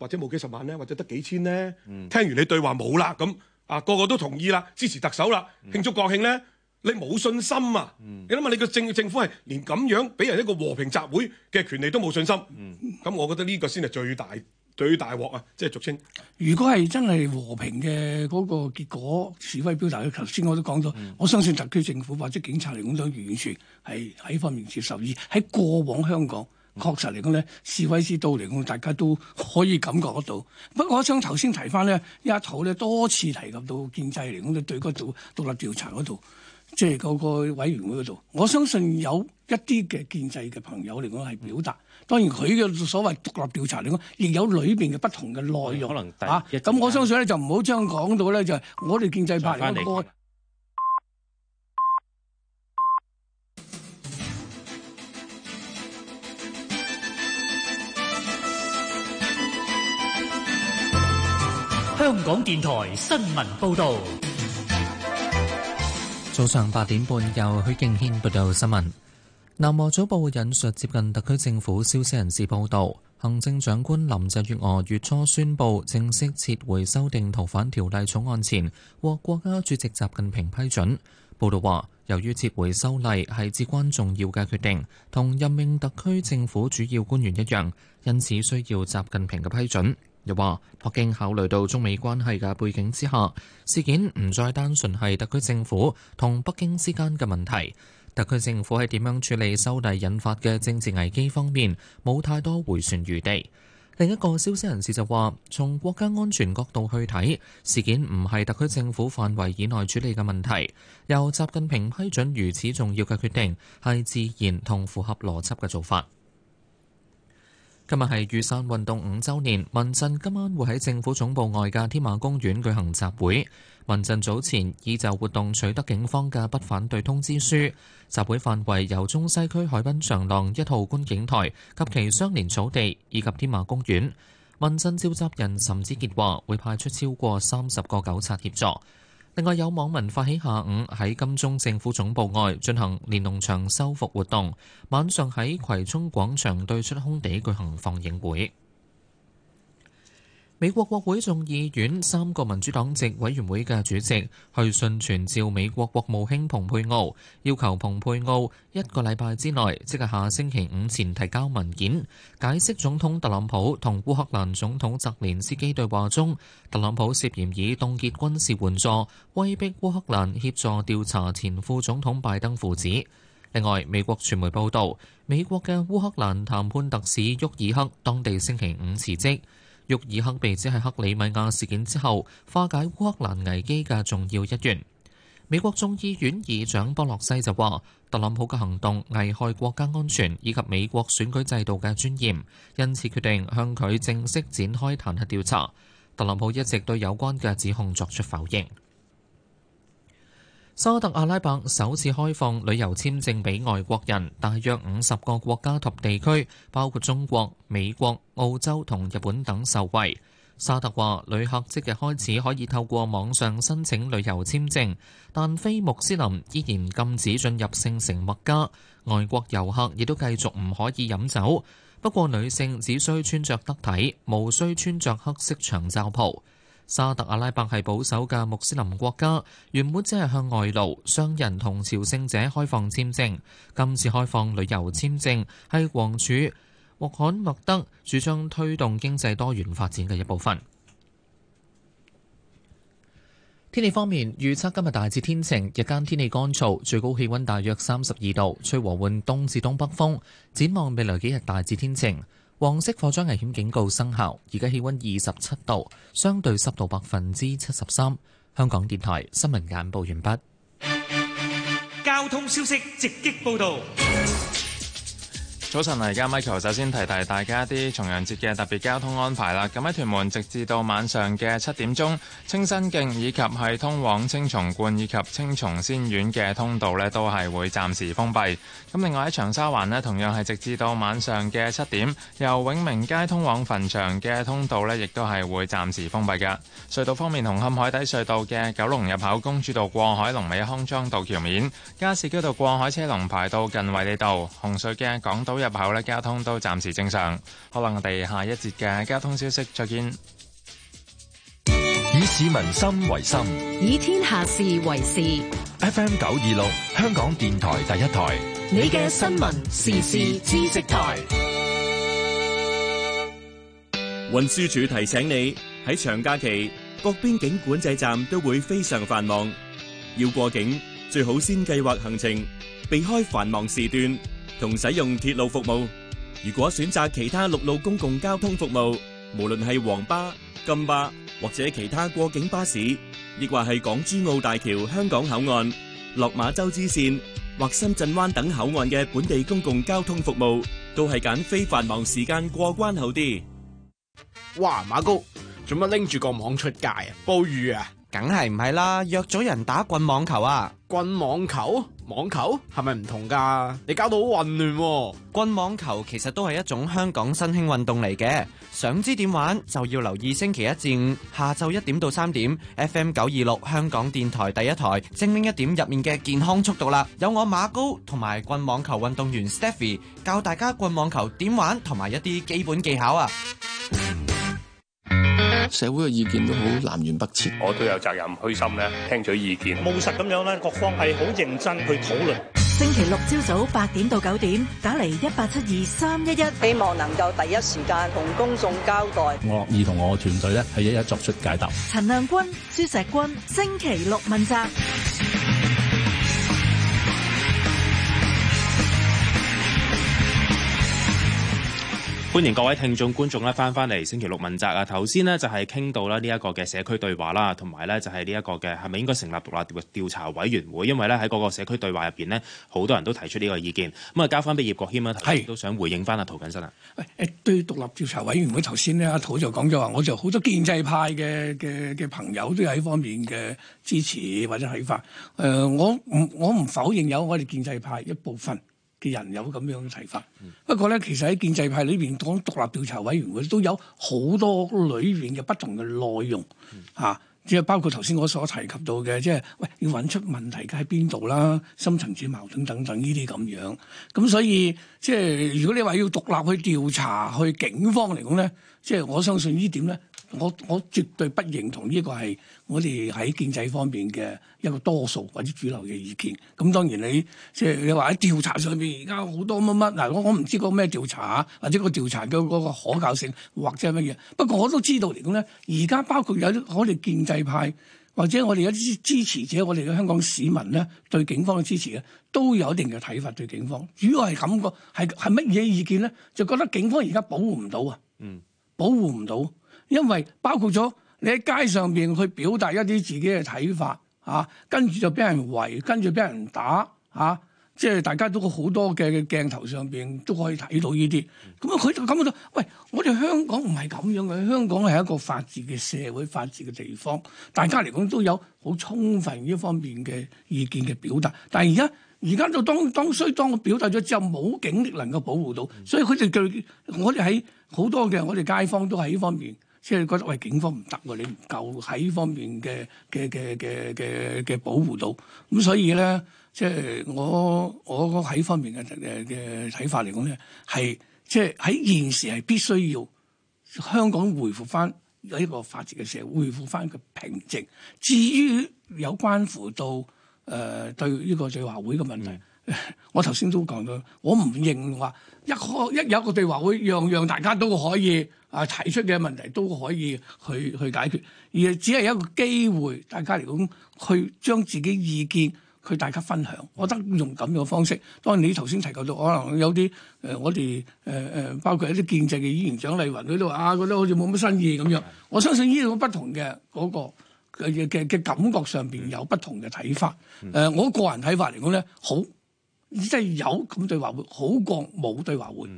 F: 或者冇幾十萬咧，或者得幾千咧。嗯、聽完你對話冇啦咁，啊、那個、個個都同意啦，支持特首啦，嗯、慶祝國慶咧，你冇信心啊！嗯、你諗下，你個政政府係連咁樣俾人一個和平集會嘅權利都冇信心，咁、嗯、我覺得呢個先係最大最大鑊啊！即係俗稱。
E: 如果係真係和平嘅嗰個結果示威表達嘅，頭先我都講咗，嗯、我相信特區政府或者警察嚟講都完全係喺呢方面接受意。而喺過往香港。確實嚟講咧，示威之到嚟講，大家都可以感覺得到。不過我想頭先提翻咧，一頭咧多次提及到建制嚟講嘅對嗰度獨立調查嗰度，即係嗰個委員會嗰度。我相信有一啲嘅建制嘅朋友嚟講係表達，嗯、當然佢嘅所謂獨立調查嚟講，亦有裏邊嘅不同嘅內容可能啊。咁我相信咧就唔好將講到咧就係我哋建制派嗰、嗰個。
A: 香港電台新聞報道，早上八點半由許敬軒報道新聞。南華早報引述接近特區政府消息人士報道，行政長官林鄭月娥月初宣布正式撤回修訂逃犯條例草案前獲國家主席習近平批准。報道話，由於撤回修例係至關重要嘅決定，同任命特區政府主要官員一樣，因此需要習近平嘅批准。又話，北京考慮到中美關係嘅背景之下，事件唔再單純係特區政府同北京之間嘅問題。特區政府喺點樣處理修例引發嘅政治危機方面，冇太多回旋餘地。另一個消息人士就話，從國家安全角度去睇，事件唔係特區政府範圍以內處理嘅問題。由習近平批准如此重要嘅決定，係自然同符合邏輯嘅做法。今日係雨傘運動五週年，民陣今晚會喺政府總部外嘅天馬公園舉行集會。民陣早前已就活動取得警方嘅不反對通知書。集會範圍由中西區海濱長廊一號觀景台及其相連草地以及天馬公園。民陣召集人岑子傑話：會派出超過三十個糾察協助。另外有網民發起下午喺金鐘政府總部外進行連儂牆修復活動，晚上喺葵涌廣場對出空地舉行放映會。美國國會眾議院三個民主黨籍委員會嘅主席去信傳召美國國務卿蓬佩奧，要求蓬佩奧一個禮拜之內，即係下星期五前提交文件，解釋總統特朗普同烏克蘭總統澤連斯基對話中，特朗普涉嫌以凍結軍事援助威逼烏克蘭協助調查前副總統拜登父子。另外，美國傳媒報道，美國嘅烏克蘭談判特使沃爾克，當地星期五辭職。沃爾克被指係克里米亞事件之後化解烏克蘭危機嘅重要一員。美國眾議院議長波洛西就話：特朗普嘅行動危害國家安全以及美國選舉制度嘅尊嚴，因此決定向佢正式展開彈劾調查。特朗普一直對有關嘅指控作出否認。沙特阿拉伯首次開放旅遊簽證俾外國人，大約五十個國家及地區，包括中國、美國、澳洲同日本等受惠。沙特話，旅客即日開始可以透過網上申請旅遊簽證，但非穆斯林依然禁止進入聖城麥加。外國遊客亦都繼續唔可以飲酒，不過女性只需穿着得體，無需穿着黑色長罩袍。沙特阿拉伯係保守嘅穆斯林國家，原本只係向外勞、商人同朝聖者開放簽證。今次開放旅遊簽證係王儲穆罕默德主張推動經濟多元發展嘅一部分。天氣方面預測今日大致天晴，日間天氣乾燥，最高氣温大約三十二度，吹和緩東至東北風。展望未來幾日大致天晴。黃色火災危險警告生效，而家氣温二十七度，相對濕度百分之七十三。香港電台
B: 新聞簡報完畢。
A: 交通消息直擊報道。
B: 早晨嚟，家 Michael，首先提提大家一啲重陽節嘅特別交通安排啦。咁喺屯門，直至到晚上嘅七點鐘，清新徑以及係通往青松觀以及青松仙苑嘅通道咧，都係會暫時封閉。咁另外喺長沙灣咧，同樣係直至到晚上嘅七點，由永明街通往墳場嘅通道咧，亦都係會暫時封閉嘅。隧道方面，紅磡海底隧道嘅九龍入口公主道過海龍尾康莊道橋面、加士居道過海車龍排到近惠利道，紅隧嘅港島入口咧，交通都暫時正常。好啦，我哋下一節嘅交通消息再見。以市民心為心，以天下事為事。FM 九二六，香港電台第一台，你嘅
A: 新聞時事知識台。
D: 運輸署提醒你喺長假期，各邊境管制站都會非常繁忙，要過境最好先計劃行程，避開繁忙時段。同使用鐵路服務。如果選擇其他陸路公共交通服務，無論係黃巴、金巴或者其他過境巴士，亦或係港珠澳大橋、香港口岸、落馬洲支線或深圳灣等口岸嘅本地公共交通服務，都係揀非繁忙時間過關好啲。
A: 哇，馬高，做乜拎住個網出街啊？捕魚啊？梗係唔係啦，約咗人打棍網球啊！棍網球？網球係咪唔同噶？你搞到好混亂。棍網球其實都係一種香港新興運動嚟嘅，想知點玩就要留意星期一至五下晝一點到三點，FM 九二六香港電台第一台精靈一點入面嘅健康速度啦，有我馬高同埋棍網球運動員 Stephy 教大家棍網球點玩同埋一啲基本技巧啊！
E: 社會嘅意見都好南轅北轍，我都有責任虛心咧聽取意見，務實咁樣咧各方係好認真去討論。
C: 星期六朝早八點到九點，打嚟，一八七二三一一，希望能夠第一時間同公眾交代。
D: 我樂意同我嘅團隊咧係一一作出解答。
C: 陳亮均、朱錫君，星期六問責。
D: 歡迎各位聽眾、觀眾咧，翻翻嚟星期六問責啊！頭先咧就係傾到啦呢一個嘅社區對話啦，同埋咧就係呢一個嘅係咪應該成立獨立調查委員會？因為咧喺嗰個社區對話入邊咧，好多人都提出呢個意見。咁啊，交翻俾葉國謙啊，都想回應翻阿涂謹申啊。
E: 喂，誒對獨立調查委員會，頭先咧阿涂就講咗話，我就好多建制派嘅嘅嘅朋友都有呢方面嘅支持或者睇法。誒，我唔我唔否認有我哋建制派一部分，嘅人有咁樣嘅睇法，嗯、不過咧，其實喺建制派裏邊講獨立調查委員會都有好多裏邊嘅不同嘅內容嚇，即係、嗯啊、包括頭先我所提及到嘅，即係喂要揾出問題嘅喺邊度啦，深層次矛盾等等呢啲咁樣，咁所以即係如果你話要獨立去調查去警方嚟講咧，即係我相信呢點咧。我我絕對不認同呢個係我哋喺建制方面嘅一個多數或者主流嘅意見。咁當然你即係你話喺調查上邊，而家好多乜乜嗱，我我唔知個咩調查啊，或者個調查嘅嗰個可靠性或者乜嘢。不過我都知道嚟講咧，而家包括有啲我哋建制派或者我哋一啲支持者，我哋嘅香港市民咧對警方嘅支持咧都有一定嘅睇法對警方。主要係感覺係係乜嘢意見咧？就覺得警方而家保護唔到啊，嗯、保護唔到。因為包括咗你喺街上邊去表達一啲自己嘅睇法啊，跟住就俾人圍，跟住俾人打啊，即係大家都好多嘅鏡頭上邊都可以睇到呢啲。咁、嗯、啊，佢就感覺到，喂，我哋香港唔係咁樣嘅，香港係一個法治嘅社會，法治嘅地方，大家嚟講都有好充分呢方面嘅意見嘅表達。但係而家而家就當當雖當我表達咗之後，冇警力能夠保護到，嗯、所以佢哋對我哋喺好多嘅我哋街坊都喺呢方面。即係覺得，喂，警方唔得喎，你唔夠喺呢方面嘅嘅嘅嘅嘅嘅保護到，咁所以咧，即係我我喺呢方面嘅嘅嘅睇法嚟講咧，係即係喺現時係必須要香港回復翻一個法治嘅社會，回復翻一個平靜。至於有關乎到誒對呢個對話會嘅問題，是 我頭先都講咗，我唔認話。一開一有一個對話會，樣樣大家都可以啊提出嘅問題都可以去去解決，而只係一個機會，大家嚟咁去將自己意見去大家分享。我覺得用咁樣方式，當然你頭先提及到可能有啲誒、呃，我哋誒誒包括一啲建制嘅議員，蔣麗芸佢都話啊，覺得好似冇乜新意咁樣。我相信呢個不同嘅嗰個嘅嘅嘅感覺上邊有不同嘅睇法。誒、呃，我個人睇法嚟講咧，好。真係有咁對,對話會，好過冇對話會，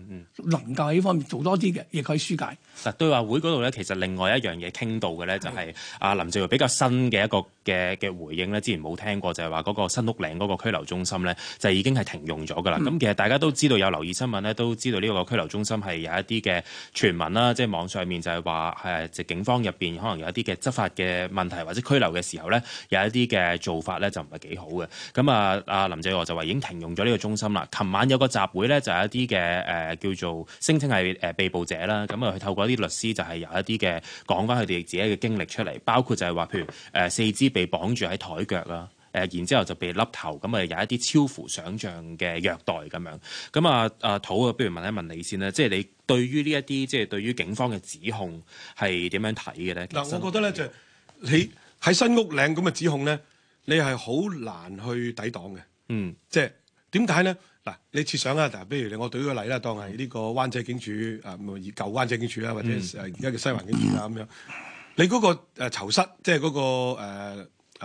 E: 能夠喺呢方面做多啲嘅，亦可以疏解。
D: 嗱，對話會嗰度呢，其實另外一樣嘢傾到嘅呢，就係阿林鄭和比較新嘅一個嘅嘅回應呢。之前冇聽過，就係話嗰個新屋嶺嗰個拘留中心呢，就已經係停用咗噶啦。咁其實大家都知道有留意新聞呢，都知道呢個拘留中心係有一啲嘅傳聞啦，即係網上面就係話誒，即警方入邊可能有一啲嘅執法嘅問題，或者拘留嘅時候呢，有一啲嘅做法呢，就唔係幾好嘅。咁啊，阿林鄭和就話已經停用咗呢個中心啦。琴晚有個集會呢，就有一啲嘅誒叫做聲稱係誒被捕者啦。咁啊，佢透過有啲律師就係有一啲嘅講翻佢哋自己嘅經歷出嚟，包括就係話，譬如誒、呃、四肢被綁住喺台腳啦，誒、呃、然之後就被笠頭，咁咪有一啲超乎想象嘅虐待咁樣。咁啊，阿涂啊，不如問一問你先啦，即係你對於呢一啲即係對於警方嘅指控係點樣睇嘅咧？嗱、呃，我覺
F: 得咧、嗯、就係、你喺新屋嶺咁嘅指控咧，你係好難去抵擋嘅。嗯即、，即係點解咧？嗱，你設想啊，嗱，譬如你我舉個例啦，當係呢個灣仔警署啊，舊灣仔警署啦，或者係而家嘅西環警署啦，咁樣、嗯，你嗰、嗰個囚、呃、室，即係嗰個誒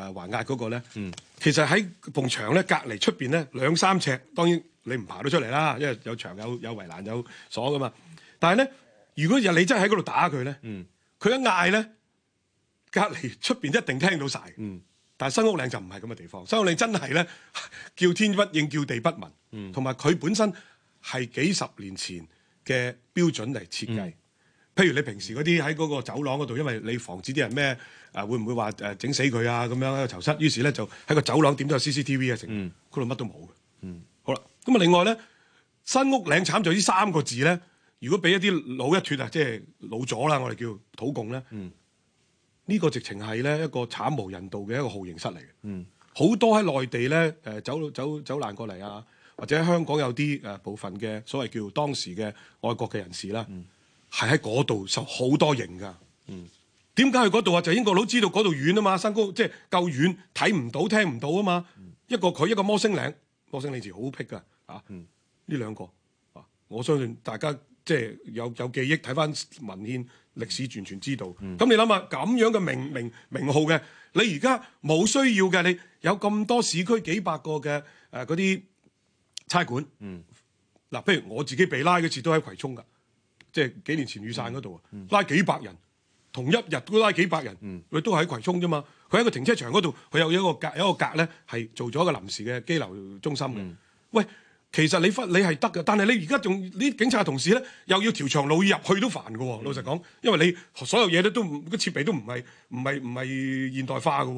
F: 誒橫壓嗰個咧，嗯、其實喺埲牆咧隔離出邊咧兩三尺，當然你唔爬到出嚟啦，因為有牆有有圍欄有鎖噶嘛。但係咧，如果日你真係喺嗰度打佢咧，佢、嗯、一嗌咧，隔離出邊一定聽到晒。嗯但係新屋嶺就唔係咁嘅地方，新屋嶺真係咧叫天不應，叫地不聞，同埋佢本身係幾十年前嘅標準嚟設計。譬如你平時嗰啲喺嗰個走廊嗰度，因為你防止啲人咩啊，會唔會話誒整死佢啊咁樣喺個囚室，於是咧就喺個走廊點都有 CCTV 啊成，嗰度乜都冇嘅。好啦，咁啊另外咧，新屋嶺慘就呢三個字咧，如果俾一啲老一脱啦，即係老咗啦，我哋叫土共咧。呢個直情係咧一個慘無人道嘅一個豪刑室嚟嘅，好、嗯、多喺內地咧誒、呃、走走走難過嚟啊，或者香港有啲誒、呃、部分嘅所謂叫當時嘅外國嘅人士啦，係喺嗰度受好多刑㗎。點解、嗯、去嗰度啊？就是、英國佬知道嗰度遠啊嘛，山高即係夠遠，睇、就、唔、是、到聽唔到啊嘛。嗯、一個佢一個摩星嶺，摩星嶺字好僻㗎嚇，呢、啊、兩、嗯、個啊，我相信大家。即係有有記憶，睇翻文獻歷史，完全知道。咁你諗下，咁樣嘅名、嗯、名名，名號嘅，你而家冇需要嘅。你有咁多市區幾百個嘅誒嗰啲差館。呃、嗯。嗱，譬如我自己被拉嗰次都喺葵涌噶，即係幾年前雨傘嗰度啊，拉幾百人，同一日都拉幾百人，佢、嗯、都喺葵涌啫嘛。佢喺個停車場嗰度，佢有一個格，一個格咧係做咗一個臨時嘅拘留中心嘅。嗯、喂。其實你忽你係得嘅，但係你而家仲呢警察同事咧，又要條長路入去都煩嘅喎。嗯、老實講，因為你所有嘢咧都個設備都唔係唔係唔係現代化嘅喎。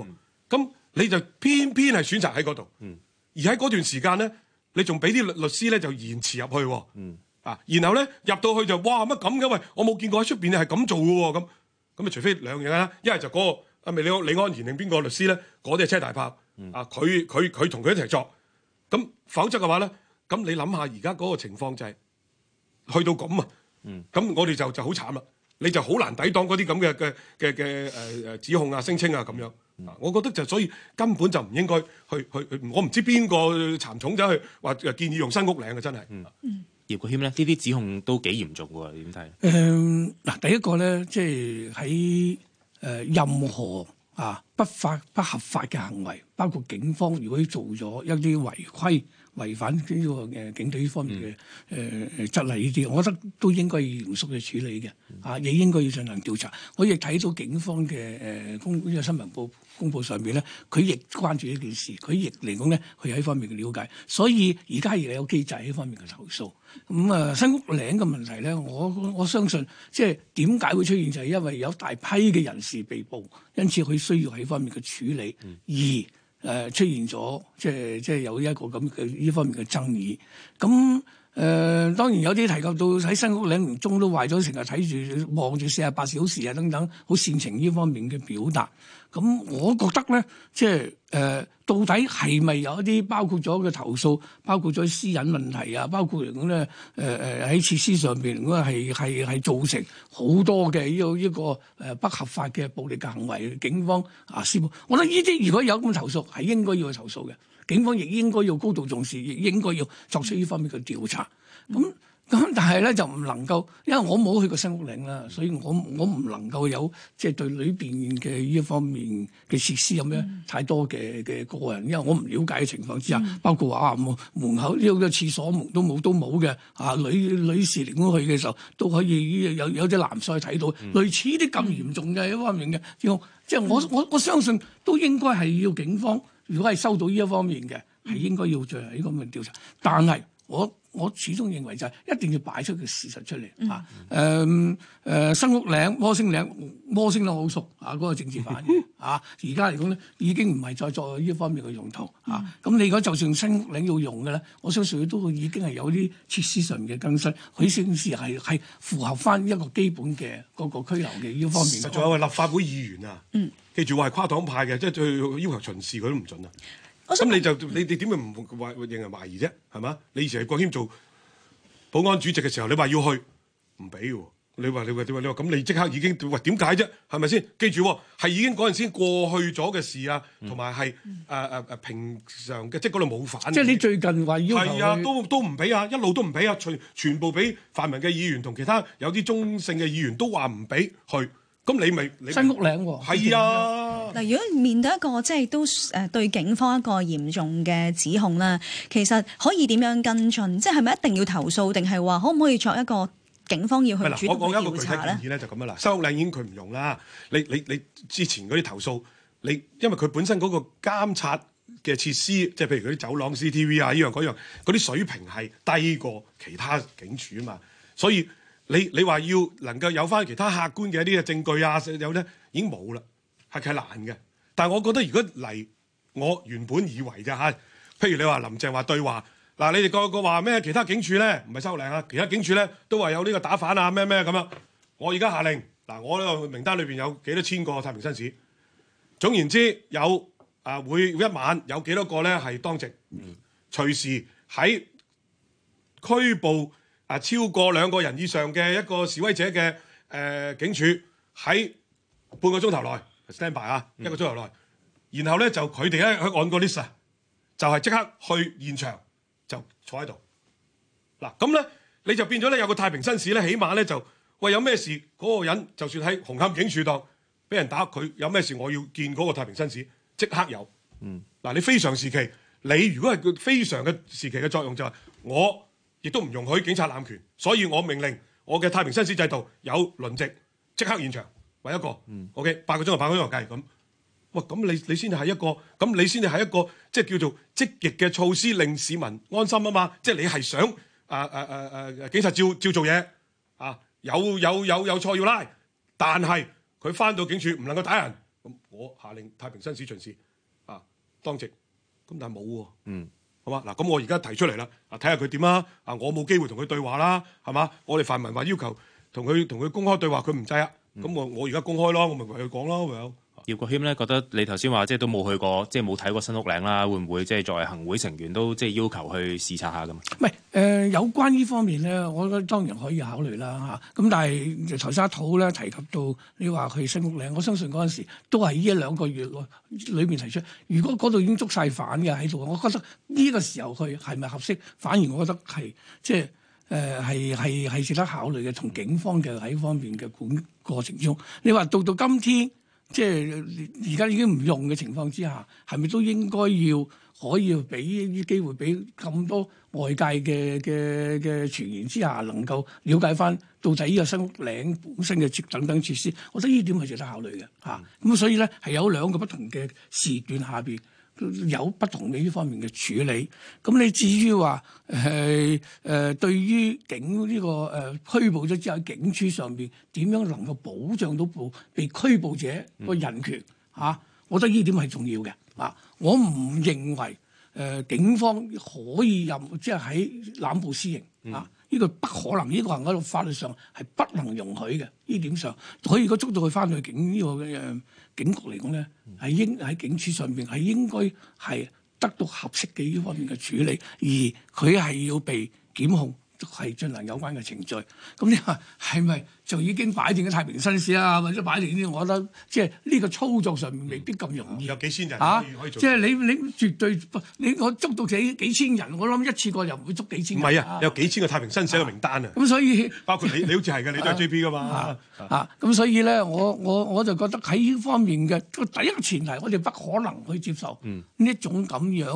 F: 咁、嗯、你就偏偏係選擇喺嗰度，嗯、而喺嗰段時間咧，你仲俾啲律律師咧就延遲入去。啊，然後咧入到去就哇乜咁嘅喂，我冇見過喺出邊係咁做嘅喎咁。咁啊，除非兩樣啦，一係就嗰個阿咪李李安然定邊個律師咧，嗰啲係車大炮啊，佢佢佢同佢一齊作咁，否則嘅話咧。咁你諗下而家嗰個情況就係去到咁啊，咁、嗯、我哋就就好慘啦，你就好難抵擋嗰啲咁嘅嘅嘅嘅誒誒指控啊、聲稱啊咁樣。嗱、嗯，我覺得就所以根本就唔應該去去，我唔知邊個蠶蟲走去話建議用新屋領啊，真係。葉國謙咧，嗯、呢啲指控都幾嚴重喎，你點睇？誒，
E: 嗱，第一個咧，即係喺誒任何啊不法不合法嘅行為，包括警方如果做咗一啲違規。違反呢個誒警隊呢方面嘅誒誒質例呢啲，我覺得都應該要嚴肅去處理嘅，啊亦應該要進行調查。我亦睇到警方嘅誒公呢個新聞報公報上面咧，佢亦關注呢件事，佢亦嚟講咧，佢有呢方面嘅了解。所以而家亦有機制喺呢方面嘅投訴。咁、嗯、啊、呃、新屋嶺嘅問題咧，我我相信即係點解會出現就係、是、因為有大批嘅人士被捕，因此佢需要喺呢方面嘅處理。二誒、呃、出現咗，即係即係有一個咁嘅呢方面嘅爭議，咁。誒、呃，當然有啲提及到喺新屋嶺，連鐘都壞咗，成日睇住望住四十八小時啊等等，好煽情呢方面嘅表達。咁、嗯、我覺得咧，即係誒、呃，到底係咪有一啲包括咗嘅投訴，包括咗私隱問題啊，包括嚟講咧，誒誒喺設施上邊，如果係係係造成好多嘅呢、這個呢、這個誒不合法嘅暴力嘅行為，警方啊，司傅，我覺得呢啲如果有咁投訴，係應該要去投訴嘅。警方亦應該要高度重視，亦應該要作出呢方面嘅調查。咁咁，但係咧就唔能夠，因為我冇去過新屋嶺啦，所以我我唔能夠有即係對裏邊嘅呢方面嘅設施咁樣太多嘅嘅個人，因為我唔了解嘅情況之下，嗯、包括話門、啊、門口好多廁所門都冇都冇嘅啊，女女士嚟講去嘅時候都可以有有啲男細睇到、嗯、類似啲咁嚴重嘅一方面嘅，即係我我我，我相信都應該係要警方。如果係收到呢一方面嘅，係應該要進行呢方面調查。但係我我始終認為就係一定要擺出個事實出嚟嚇。誒誒、嗯，新、啊呃、屋嶺、摩星嶺、摩星嶺好熟嚇，嗰、啊那個政治犯而家嚟講咧，已經唔係再作呢方面嘅用途嚇。咁、啊、你如果就算新屋嶺要用嘅咧，我相信佢都會已經係有啲設施上嘅更新，佢先至係係符合翻一個基本嘅嗰、那個拘留嘅呢方面。仲
F: 有立法會議員啊？嗯。記住，我係跨黨派嘅，即係要求巡視佢都唔準啊！咁你就你哋點解唔話認人懷疑啫？係嘛？你以前係國謙做保安主席嘅時候，你話要去唔俾喎？你話你話你話你話咁，你即刻已經喂點解啫？係咪先？記住，係已經嗰陣先過去咗嘅事啊，同埋係誒誒誒平常嘅，就是、即係嗰度冇反。即係你最
E: 近話要求係啊，都都唔俾啊，一路
F: 都唔俾啊，全全部俾泛民嘅議員同其他有啲中性嘅議員都話唔俾去。去咁你咪你新屋嶺喎，哦？係啊！
C: 嗱，如果面對一個即係、就是、都誒對警方一個嚴重嘅指控啦，其實可以點樣跟進？即係咪一定要投訴？定係話可唔可以作一個警方要去主動調查？我，我一個具體
F: 建議咧，就咁樣啦！新屋嶺已經佢唔用啦。你你你之前嗰啲投訴，你因為佢本身嗰個監察嘅設施，即係譬如嗰啲走廊 C T V 啊，呢樣嗰樣嗰啲水平係低過其他警署啊嘛，所以。你你話要能夠有翻其他客觀嘅一啲嘅證據啊，有咧已經冇啦，係係難嘅。但係我覺得如果嚟，我原本以為啫嚇、啊。譬如你話林鄭話對話，嗱、啊、你哋個個話咩？其他警署咧唔係收領啊，其他警署咧都話有呢個打反啊咩咩咁樣。我而家下令嗱、啊，我呢個名單裏邊有幾多千個太平紳士。總言之，有啊每一晚有幾多個咧係當值，隨時喺拘捕。啊！超過兩個人以上嘅一個示威者嘅誒、呃、警署喺半個鐘頭內 stand by 啊，一個鐘頭內，嗯、然後咧就佢哋咧去按個 list，就係即刻去現場就坐喺度。嗱，咁咧你就變咗咧有個太平紳士咧，起碼咧就喂有咩事嗰、那個人就算喺紅磡警署度俾人打佢有咩事，我要見嗰個太平紳士即刻有。嗱、嗯、你非常時期，你如果係非常嘅時期嘅作用就係、是、我。亦都唔容許警察濫權，所以我命令我嘅太平紳士制度有輪值，即刻現場，為一個、嗯、，OK，八個鐘頭、八個鐘頭計咁。哇，咁你你先係一個，咁你先係一個，即係叫做積極嘅措施，令市民安心啊嘛。即係你係想，啊啊啊啊，警察照照做嘢啊，有有有有錯要拉，但係佢翻到警署唔能夠打人，咁我下令太平紳士巡視啊當值，咁但係冇喎。嗯嗱，咁我而家提出嚟啦，睇下佢點啦。啊，我冇機會同佢對話啦，係嘛？我哋泛民話要求同佢同佢公開對話，佢唔制啊。咁我我而家公開咯，我咪同佢講咯，William。
D: 葉國謙咧覺得你頭先話即係都冇去過，即係冇睇過新屋嶺啦，會唔會即係作為行會成員都即係要求去視察下咁？
E: 唔係誒，有關呢方面咧，我覺得當然可以考慮啦嚇。咁、啊、但係頭先阿土咧提及到你話去新屋嶺，我相信嗰陣時都係呢一兩個月裏邊提出。如果嗰度已經捉晒犯嘅喺度，我覺得呢個時候去係咪合適？反而我覺得係即係誒係係係值得考慮嘅。同警方嘅喺方面嘅管過程中，你話到到今天。即係而家已經唔用嘅情況之下，係咪都應該要可以俾呢啲機會，俾咁多外界嘅嘅嘅傳言之下，能夠了解翻到底呢個新屋嶺本身嘅設等等設施？我覺得呢點係值得考慮嘅嚇。咁、嗯啊、所以咧係有兩個不同嘅時段下邊。有不同嘅呢方面嘅處理，咁你至於話係誒對於警呢、這個誒、呃、拘捕咗之後，警署上邊點樣能夠保障到被拘捕者個人權嚇、嗯啊？我覺得呢點係重要嘅啊！我唔認為誒、呃、警方可以任即係喺濫捕私刑啊！嗯呢個不可能，呢、這個喺法律上係不能容許嘅。呢點上，佢如果捉到佢翻去警呢、這個、呃、警局嚟講咧，係、嗯、應喺警署上邊係應該係得到合適嘅呢方面嘅處理，而佢係要被檢控。係進行有關嘅程序，咁呢？係咪就已經擺定咗太平紳士啊？或者擺定呢？我覺得即係呢個操作上面未必咁容易、嗯嗯。有幾千人可以做啊！即、就、係、是、你你絕對你我捉到幾幾千人，我諗一次過又唔會捉幾千人。唔係啊，有幾
F: 千個太平紳士嘅名單啊。咁所以
E: 包括你，你好似係嘅，你都係 J P 噶嘛？啊咁，啊所以咧，我我我就覺得喺呢方面嘅個第一前提，我哋不可能去接受呢一種咁樣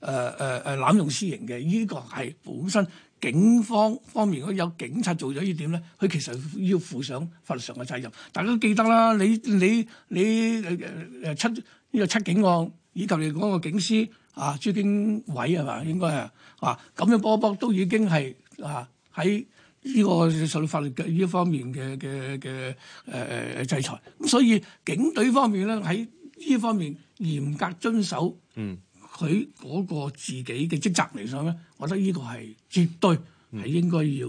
E: 誒誒誒濫用私刑嘅，呢、這個係本身。警方方面，佢有警察做咗呢點咧，佢其實要負上法律上嘅責任。大家都記得啦，你你你誒誒誒出呢個七警案，以及你嗰個警司啊朱經緯係嘛？應該啊，啊咁樣波波都已經係啊喺呢個受到法律嘅呢方面嘅嘅嘅誒誒制裁。咁所以警隊方面咧喺呢方面嚴格遵守。嗯。佢嗰個自己嘅職責嚟講咧，我覺得呢個係絕對係應該要誒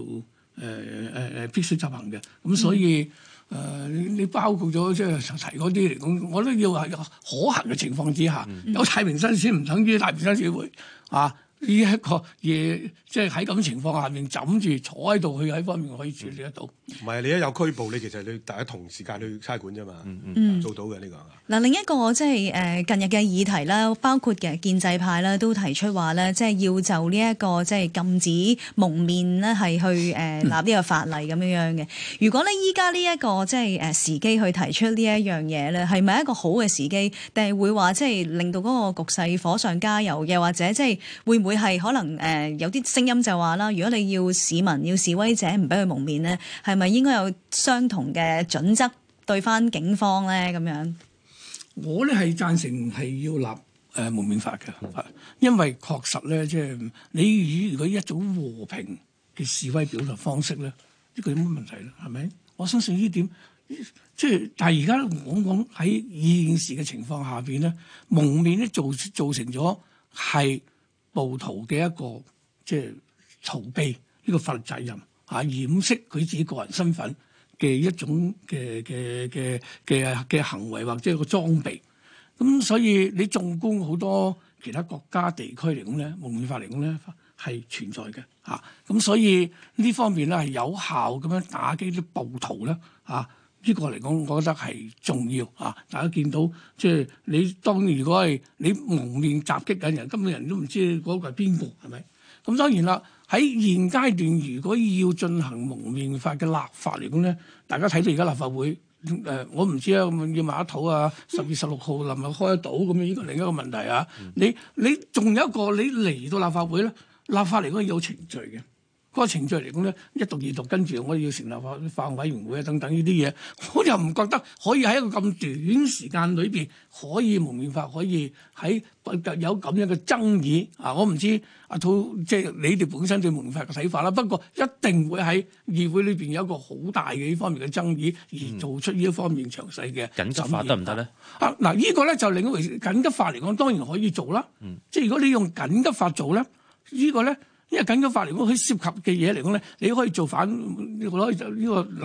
E: 誒誒必須執行嘅。咁所以誒、嗯呃，你包括咗即係提嗰啲嚟講，我都要係可行嘅情況之下，有太平紳士唔等於太平紳士會啊。呢一個嘢，即係喺咁情況下面枕住坐喺度，佢喺方面可以處理得到。
F: 唔係，你一有拘捕，你其實你大家同時間去差館啫嘛。嗯嗯、做到嘅呢、這個。
C: 嗱，另一個即係誒近日嘅議題啦，包括嘅建制派啦，都提出話咧，即係要就呢、這、一個即係、就是、禁止蒙面咧，係去誒、呃、立呢個法例咁樣嘅。如果咧依家呢一、這個即係誒時機去提出呢一樣嘢咧，係咪一個好嘅時機？定係會話即係令到嗰個局勢火上加油，又或者即係會唔會？會係可能誒、呃、有啲聲音就話啦，如果你要市民要示威者唔俾佢蒙面咧，係咪應該有相同嘅準則對翻警方咧？咁樣
E: 我咧係贊成係要立誒、呃、蒙面法嘅、啊，因為確實咧即係你以如果一種和平嘅示威表達方式咧，呢個有乜問題咧？係咪？我相信呢點，即、就、係、是、但係而家我講喺現時嘅情況下邊咧，蒙面咧造造成咗係。暴徒嘅一個即係逃避呢個法律責任嚇、啊，掩飾佢自己個人身份嘅一種嘅嘅嘅嘅嘅行為或者個裝備，咁所以你縱觀好多其他國家地區嚟講咧，蒙面法嚟講咧係存在嘅嚇，咁所以呢方面咧係有效咁樣打擊啲暴徒咧嚇。呢個嚟講，我覺得係重要嚇、啊。大家見到即係你當然，如果係你蒙面襲擊緊人，根本人都唔知嗰個係邊個係咪。咁、嗯、當然啦，喺現階段如果要進行蒙面法嘅立法嚟講咧，大家睇到而家立法會誒、呃，我唔知、嗯、啊，咁要問一土啊？十月十六號能唔能開得到咁樣？呢、嗯嗯、個另一個問題啊。你你仲有一個你嚟到立法會咧，立法嚟講係有程序嘅。個程序嚟講咧，一讀二讀跟住，我要成立法案委員會啊，等等呢啲嘢，我又唔覺得可以喺一個咁短時間裏邊可以蒙面法可以喺有咁樣嘅爭議啊！我唔知阿涂、啊、即係你哋本身對蒙面法嘅睇法啦。不過一定會喺議會裏邊有一個好大嘅呢方面嘅爭議，而做出呢一方面詳細嘅緊急法得唔得咧？啊，嗱、這個，呢個咧就另一回事緊急法嚟講，當然可以做啦。嗯、即係如果你用緊急法做咧，這個、呢、這個咧。因為緊急法嚟講，佢涉及嘅嘢嚟講咧，你可以做反，攞呢個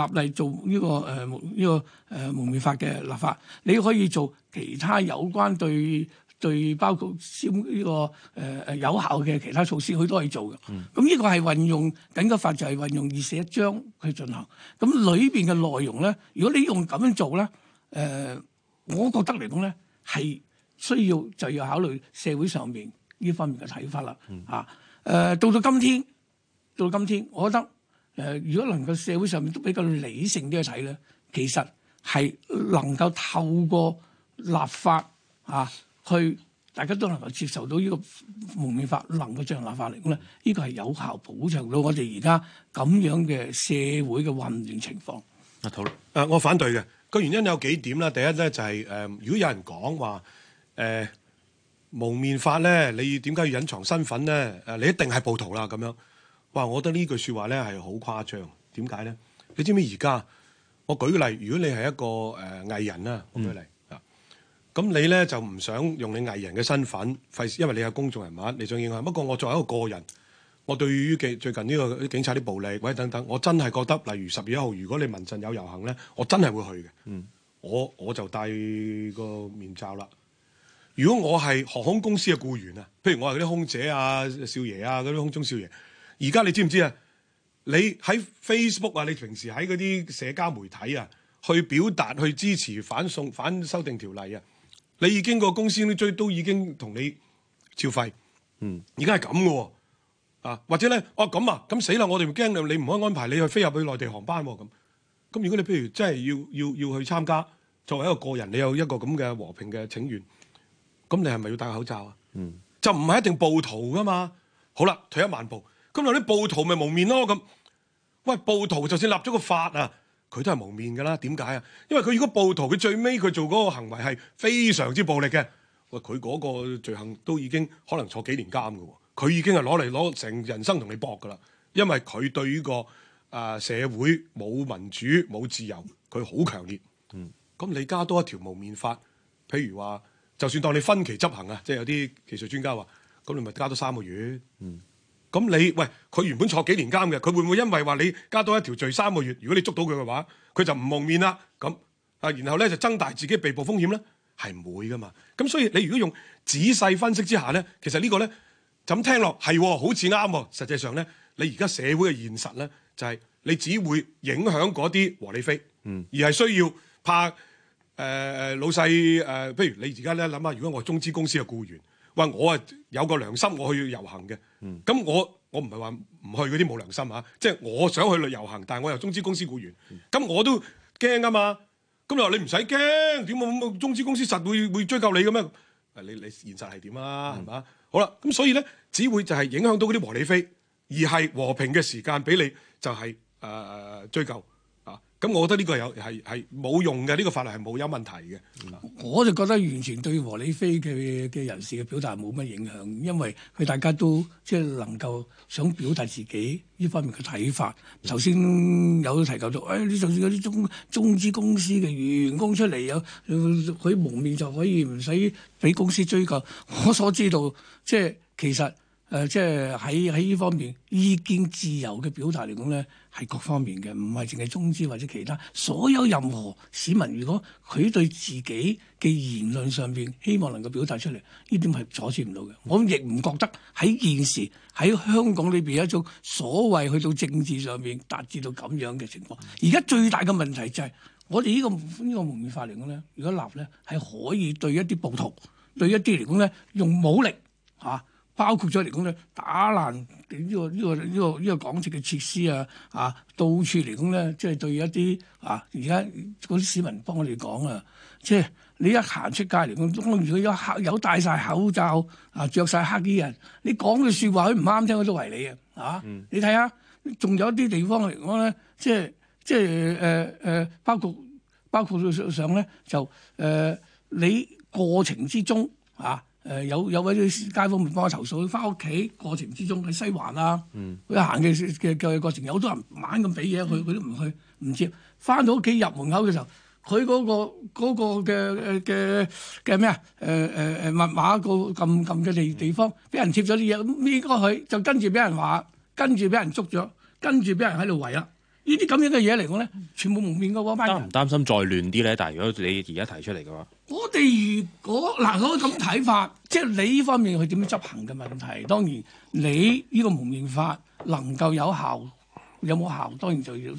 E: 立例做呢、這個誒，呢、呃這個誒，蒙面法嘅立法，你可以做其他有關對對包括呢、這個誒誒、呃、有效嘅其他措施，佢都可以做嘅。咁呢、嗯、個係運用緊急法，就係、是、運用二四一章去進行。咁裏邊嘅內容咧，如果你用咁樣做咧，誒、呃，我覺得嚟講咧係需要就要考慮社會上面呢方面嘅睇法啦。啊、嗯！誒到到今天，到到今天，我覺得誒、呃，如果能夠社會上面都比較理性啲去睇咧，其實係能夠透過立法啊，去大家都能夠接受到呢個蒙面法能夠進行立法嚟講咧，呢、這個係有效保障到我哋而家咁樣嘅社會嘅混亂情況。
F: 阿涂、啊，誒、啊、我反對嘅個原因有幾點啦，第一咧就係、是、誒、呃，如果有人講話誒。蒙面法咧，你點解要隱藏身份咧？誒，你一定係暴徒啦咁樣。哇，我覺得呢句説話咧係好誇張。點解咧？你知唔知而家？我舉個例，如果你係一個誒、呃、藝人啦，舉例、嗯、啊，咁你咧就唔想用你藝人嘅身份，費事，因為你係公眾人物，你想影響。不過我作為一個個人，我對於嘅最近呢個警察啲暴力，喂等等，我真係覺得，例如十月一號，如果你民陣有遊行咧，我真係會去嘅。嗯，我我就戴個面罩啦。如果我係航空公司嘅僱員啊，譬如我係嗰啲空姐啊、少爺啊嗰啲空中少爺，而家你知唔知啊？你喺 Facebook 啊，你平時喺嗰啲社交媒體啊，去表達去支持反送反修訂條例啊，你已經、個公司都追都已經同你照肺，嗯，而家係咁嘅喎啊，或者咧哦咁啊咁、啊、死啦！我哋會驚你，唔可以安排你去飛入去內地航班喎、啊、咁。咁如果你譬如真係要要要去參加作為一個個人，你有一個咁嘅和平嘅請願。咁你係咪要戴口罩啊？嗯，就唔係一定暴徒噶嘛。好啦，退一萬步，咁有啲暴徒咪蒙面咯。咁喂，暴徒就算立咗個法啊，佢都係蒙面噶啦。點解啊？因為佢如果暴徒，佢最尾佢做嗰個行為係非常之暴力嘅。喂，佢嗰個罪行都已經可能坐幾年監噶喎。佢已經係攞嚟攞成人生同你搏噶啦。因為佢對呢、這個誒、呃、社會冇民主冇自由，佢好強烈。嗯，咁你加多一條蒙面法，譬如話。就算當你分期執行啊，即係有啲技術專家話，咁你咪加多三個月。嗯，咁你喂佢原本坐幾年監嘅，佢會唔會因為話你加多一條罪三個月？如果你捉到佢嘅話，佢就唔蒙面啦。咁啊，然後咧就增大自己被捕風險咧，係唔會㗎嘛。咁所以你如果用仔細分析之下咧，其實個呢個咧，咁聽落係、喎、好似啱、喎。實際上咧，你而家社會嘅現實咧，就係、是、你只會影響嗰啲和理非，嗯，而係需要怕。誒誒、呃、老細誒，譬、呃、如你而家咧諗下，如果我係中資公司嘅僱員，話我啊有個良心，我去遊行嘅。咁、嗯、我我唔係話唔去嗰啲冇良心嚇、啊，即係我想去旅遊行，但係我又中資公司僱員，咁、嗯、我都驚啊嘛。咁你話你唔使驚，點啊？中資公司實會會追究你嘅咩？你你現實係點啊？係嘛、嗯？好啦，咁所以咧，只會就係影響到嗰啲和理非，而係和平嘅時間俾你，就係、是、誒、呃、追究。咁我覺得呢個有係係冇用嘅，
E: 呢個法律係冇有問題嘅。我就覺得完全對和理非嘅嘅人士嘅表達冇乜影響，因為佢大家都即係能夠想表達自己呢方面嘅睇法。頭先有提及到，誒、哎，你就算有啲中中資公司嘅員工出嚟有佢蒙面就可以唔使俾公司追究。我所知道，即係其實誒，即係喺喺呢方面意見自由嘅表達嚟講咧。係各方面嘅，唔係淨係中資或者其他，所有任何市民，如果佢對自己嘅言論上邊，希望能夠表達出嚟，呢點係阻止唔到嘅。我亦唔覺得喺現時喺香港裏邊有一種所謂去到政治上面達至到咁樣嘅情況。而家最大嘅問題就係、是、我哋、這個這個、呢個呢個蒙面法嚟講咧，如果立咧係可以對一啲暴徒，對一啲嚟講咧用武力嚇。啊。包括咗嚟講咧，打爛呢個呢個呢個呢個港鐵嘅設施啊！啊，到處嚟講咧，即係對一啲啊，而家嗰啲市民幫我哋講啊，即係你一行出街嚟講，如果有黑有戴晒口罩啊，著曬黑衣人，你講嘅説話佢唔啱聽，佢都為你啊！啊，嗯、你睇下，仲有一啲地方嚟講咧，即係即係誒誒，包括包括上上咧，就誒、呃、你過程之中啊。誒有有位啲街坊咪幫我投訴，佢翻屋企過程之中喺西環啦、啊，佢行嘅嘅嘅過程有好多人猛咁俾嘢佢，佢都唔去唔接。翻到屋企入門口嘅時候，佢嗰個嗰個嘅嘅咩啊？誒誒誒密碼個撳撳嘅地地方，俾人貼咗啲嘢，咁呢個佢就跟住俾人話，跟住俾人捉咗，跟住俾人喺度圍啦。呢啲咁樣嘅嘢嚟講咧，全部蒙面個喎班人。唔擔，
D: 擔心再亂啲咧？但係如果你而家提出嚟嘅話。
E: 我哋如果嗱，我咁睇法，即係你呢方面去點樣執行嘅問題，當然你呢個蒙面法能夠有效有冇效，當然就要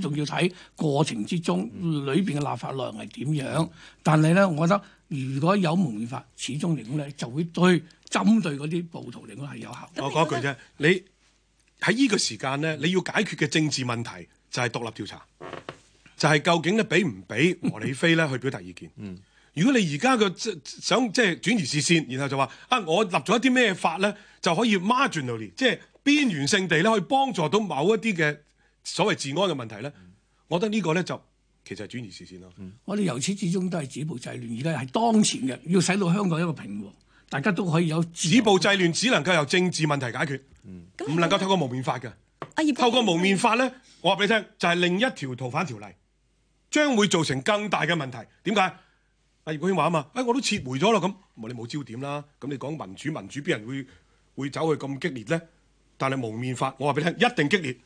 E: 仲、嗯、要睇過程之中裏邊嘅立法量係點樣，但係咧，我覺得如果有蒙面法，始終嚟講咧，就會對針對嗰啲暴徒嚟講係有效。
F: 我講一句啫，你喺呢個時間咧，你要解決嘅政治問題就係獨立調查，就係、是、究竟咧俾唔俾和理非咧去表達意見。嗯如果你而家嘅想即係轉移視線，然後就話啊，我立咗一啲咩法咧，就可以 marginally，即係邊緣性地咧，可以幫助到某一啲嘅所謂治安嘅問題咧。嗯、我覺得個呢個咧就其實係轉移視線咯。嗯、
E: 我哋由始至終都係止暴制亂，而家係當前嘅要使到香港一個平和，大家都可以
F: 有止暴制亂，只能夠由政治問題解決，唔、嗯嗯、能夠透過蒙面法嘅。嗯嗯、透過蒙面法咧，我話俾你聽，就係、是、另一條逃犯條例將會造成更大嘅問題。點解？葉國謙話啊嘛，哎，我都撤回咗啦，咁、嗯、你冇焦點啦，咁、嗯、你講民主民主邊人會會走去咁激烈咧？但係蒙面法，我話俾你聽，一定激烈。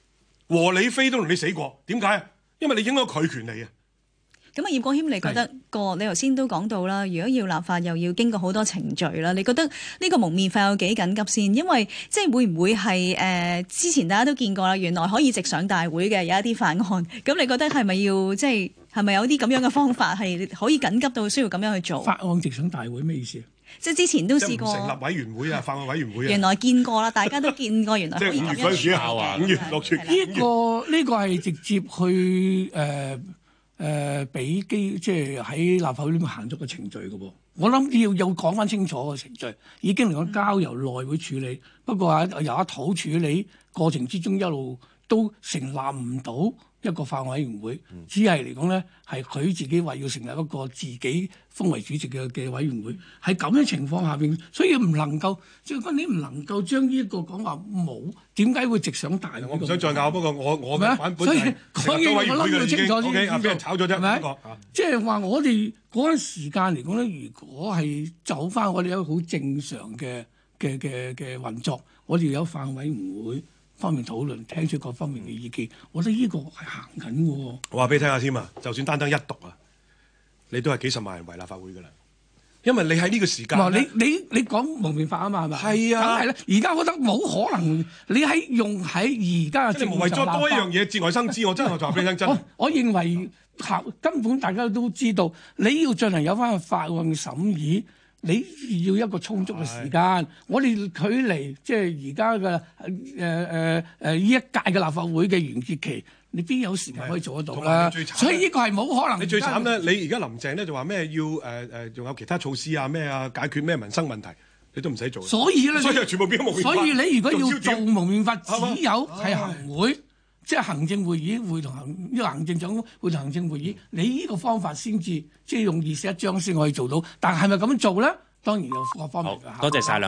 F: 和理非都同你死過，點解？因為你影響佢權利啊。
C: 咁啊，葉國謙你覺得個是你頭先都講到啦，如果要立法又要經過好多程序啦，你覺得呢個蒙面法有幾緊急先？因為即係會唔會係誒、呃、之前大家都見過啦，原來可以直上大會嘅有一啲法案，咁你覺得係咪要即係？係咪有啲咁樣嘅方法係可以緊急到需要咁樣去做？法案直上大會咩意思啊？即係之前都試過成立
F: 委員會啊，法案委員會啊。
C: 原來見過啦，大家都見過原， 原來。即係
E: 預選之後啊，五月六月。呢個呢個係直接去誒誒俾機，即係喺立法會咁行咗個程序㗎噃。我諗要要講翻清楚個程序，已經能夠交由內會處理，不過啊由一討處理過程之中一路都成立唔到。一個泛委員會，只係嚟講咧，係佢自己話要成立一個自己封為主席嘅嘅委員會。喺咁嘅情況下邊，所以唔能夠，即係你唔能夠將呢一個講話冇，點解會直上大我想我？我唔想再
F: 拗，是不過我我嘅版本所以嗰啲我諗佢清楚先，唔俾人炒咗啫。
E: 即係話我哋嗰陣時間嚟講咧，如果係走翻我哋一個好正常嘅嘅嘅嘅運作，我哋有泛委員會。方面討論，聽出各方面嘅意見，我覺得呢個係行緊喎。我
F: 話俾你聽下添啊，就算單單一讀啊，你都係幾十萬人圍立法會嘅啦。
E: 因為你喺呢個時間，你你你講蒙面法啊嘛，係咪？係啊。梗係啦，而家我覺得冇可能你在在，你喺用喺而家即政治立無謂再多一樣嘢，節外生枝， 我真係就話俾你聽真 我。我認為根本大家都知道，你要進行有翻嘅法案審議。你要一個充足嘅時間，的我哋距離即係而家嘅誒誒誒呢一屆嘅立法會嘅完結期，你邊有時間可以做得到咧，啊？所以呢個係冇可能。你最慘咧！你而
F: 家林鄭咧就話咩？要誒誒，仲有其他措施啊？咩啊？解決咩民生問題？你都唔使做。
E: 所以咧，所以全部變咗蒙面法。所以你如果要做蒙面法，只有係行會。哎即係行政會議會同行，依個行政長官會同行政會議，你呢個方法先至即係用二十一張先可以做到，但係咪咁樣做咧？當然有各方面嘅，
F: 吓，
D: 多謝晒啦。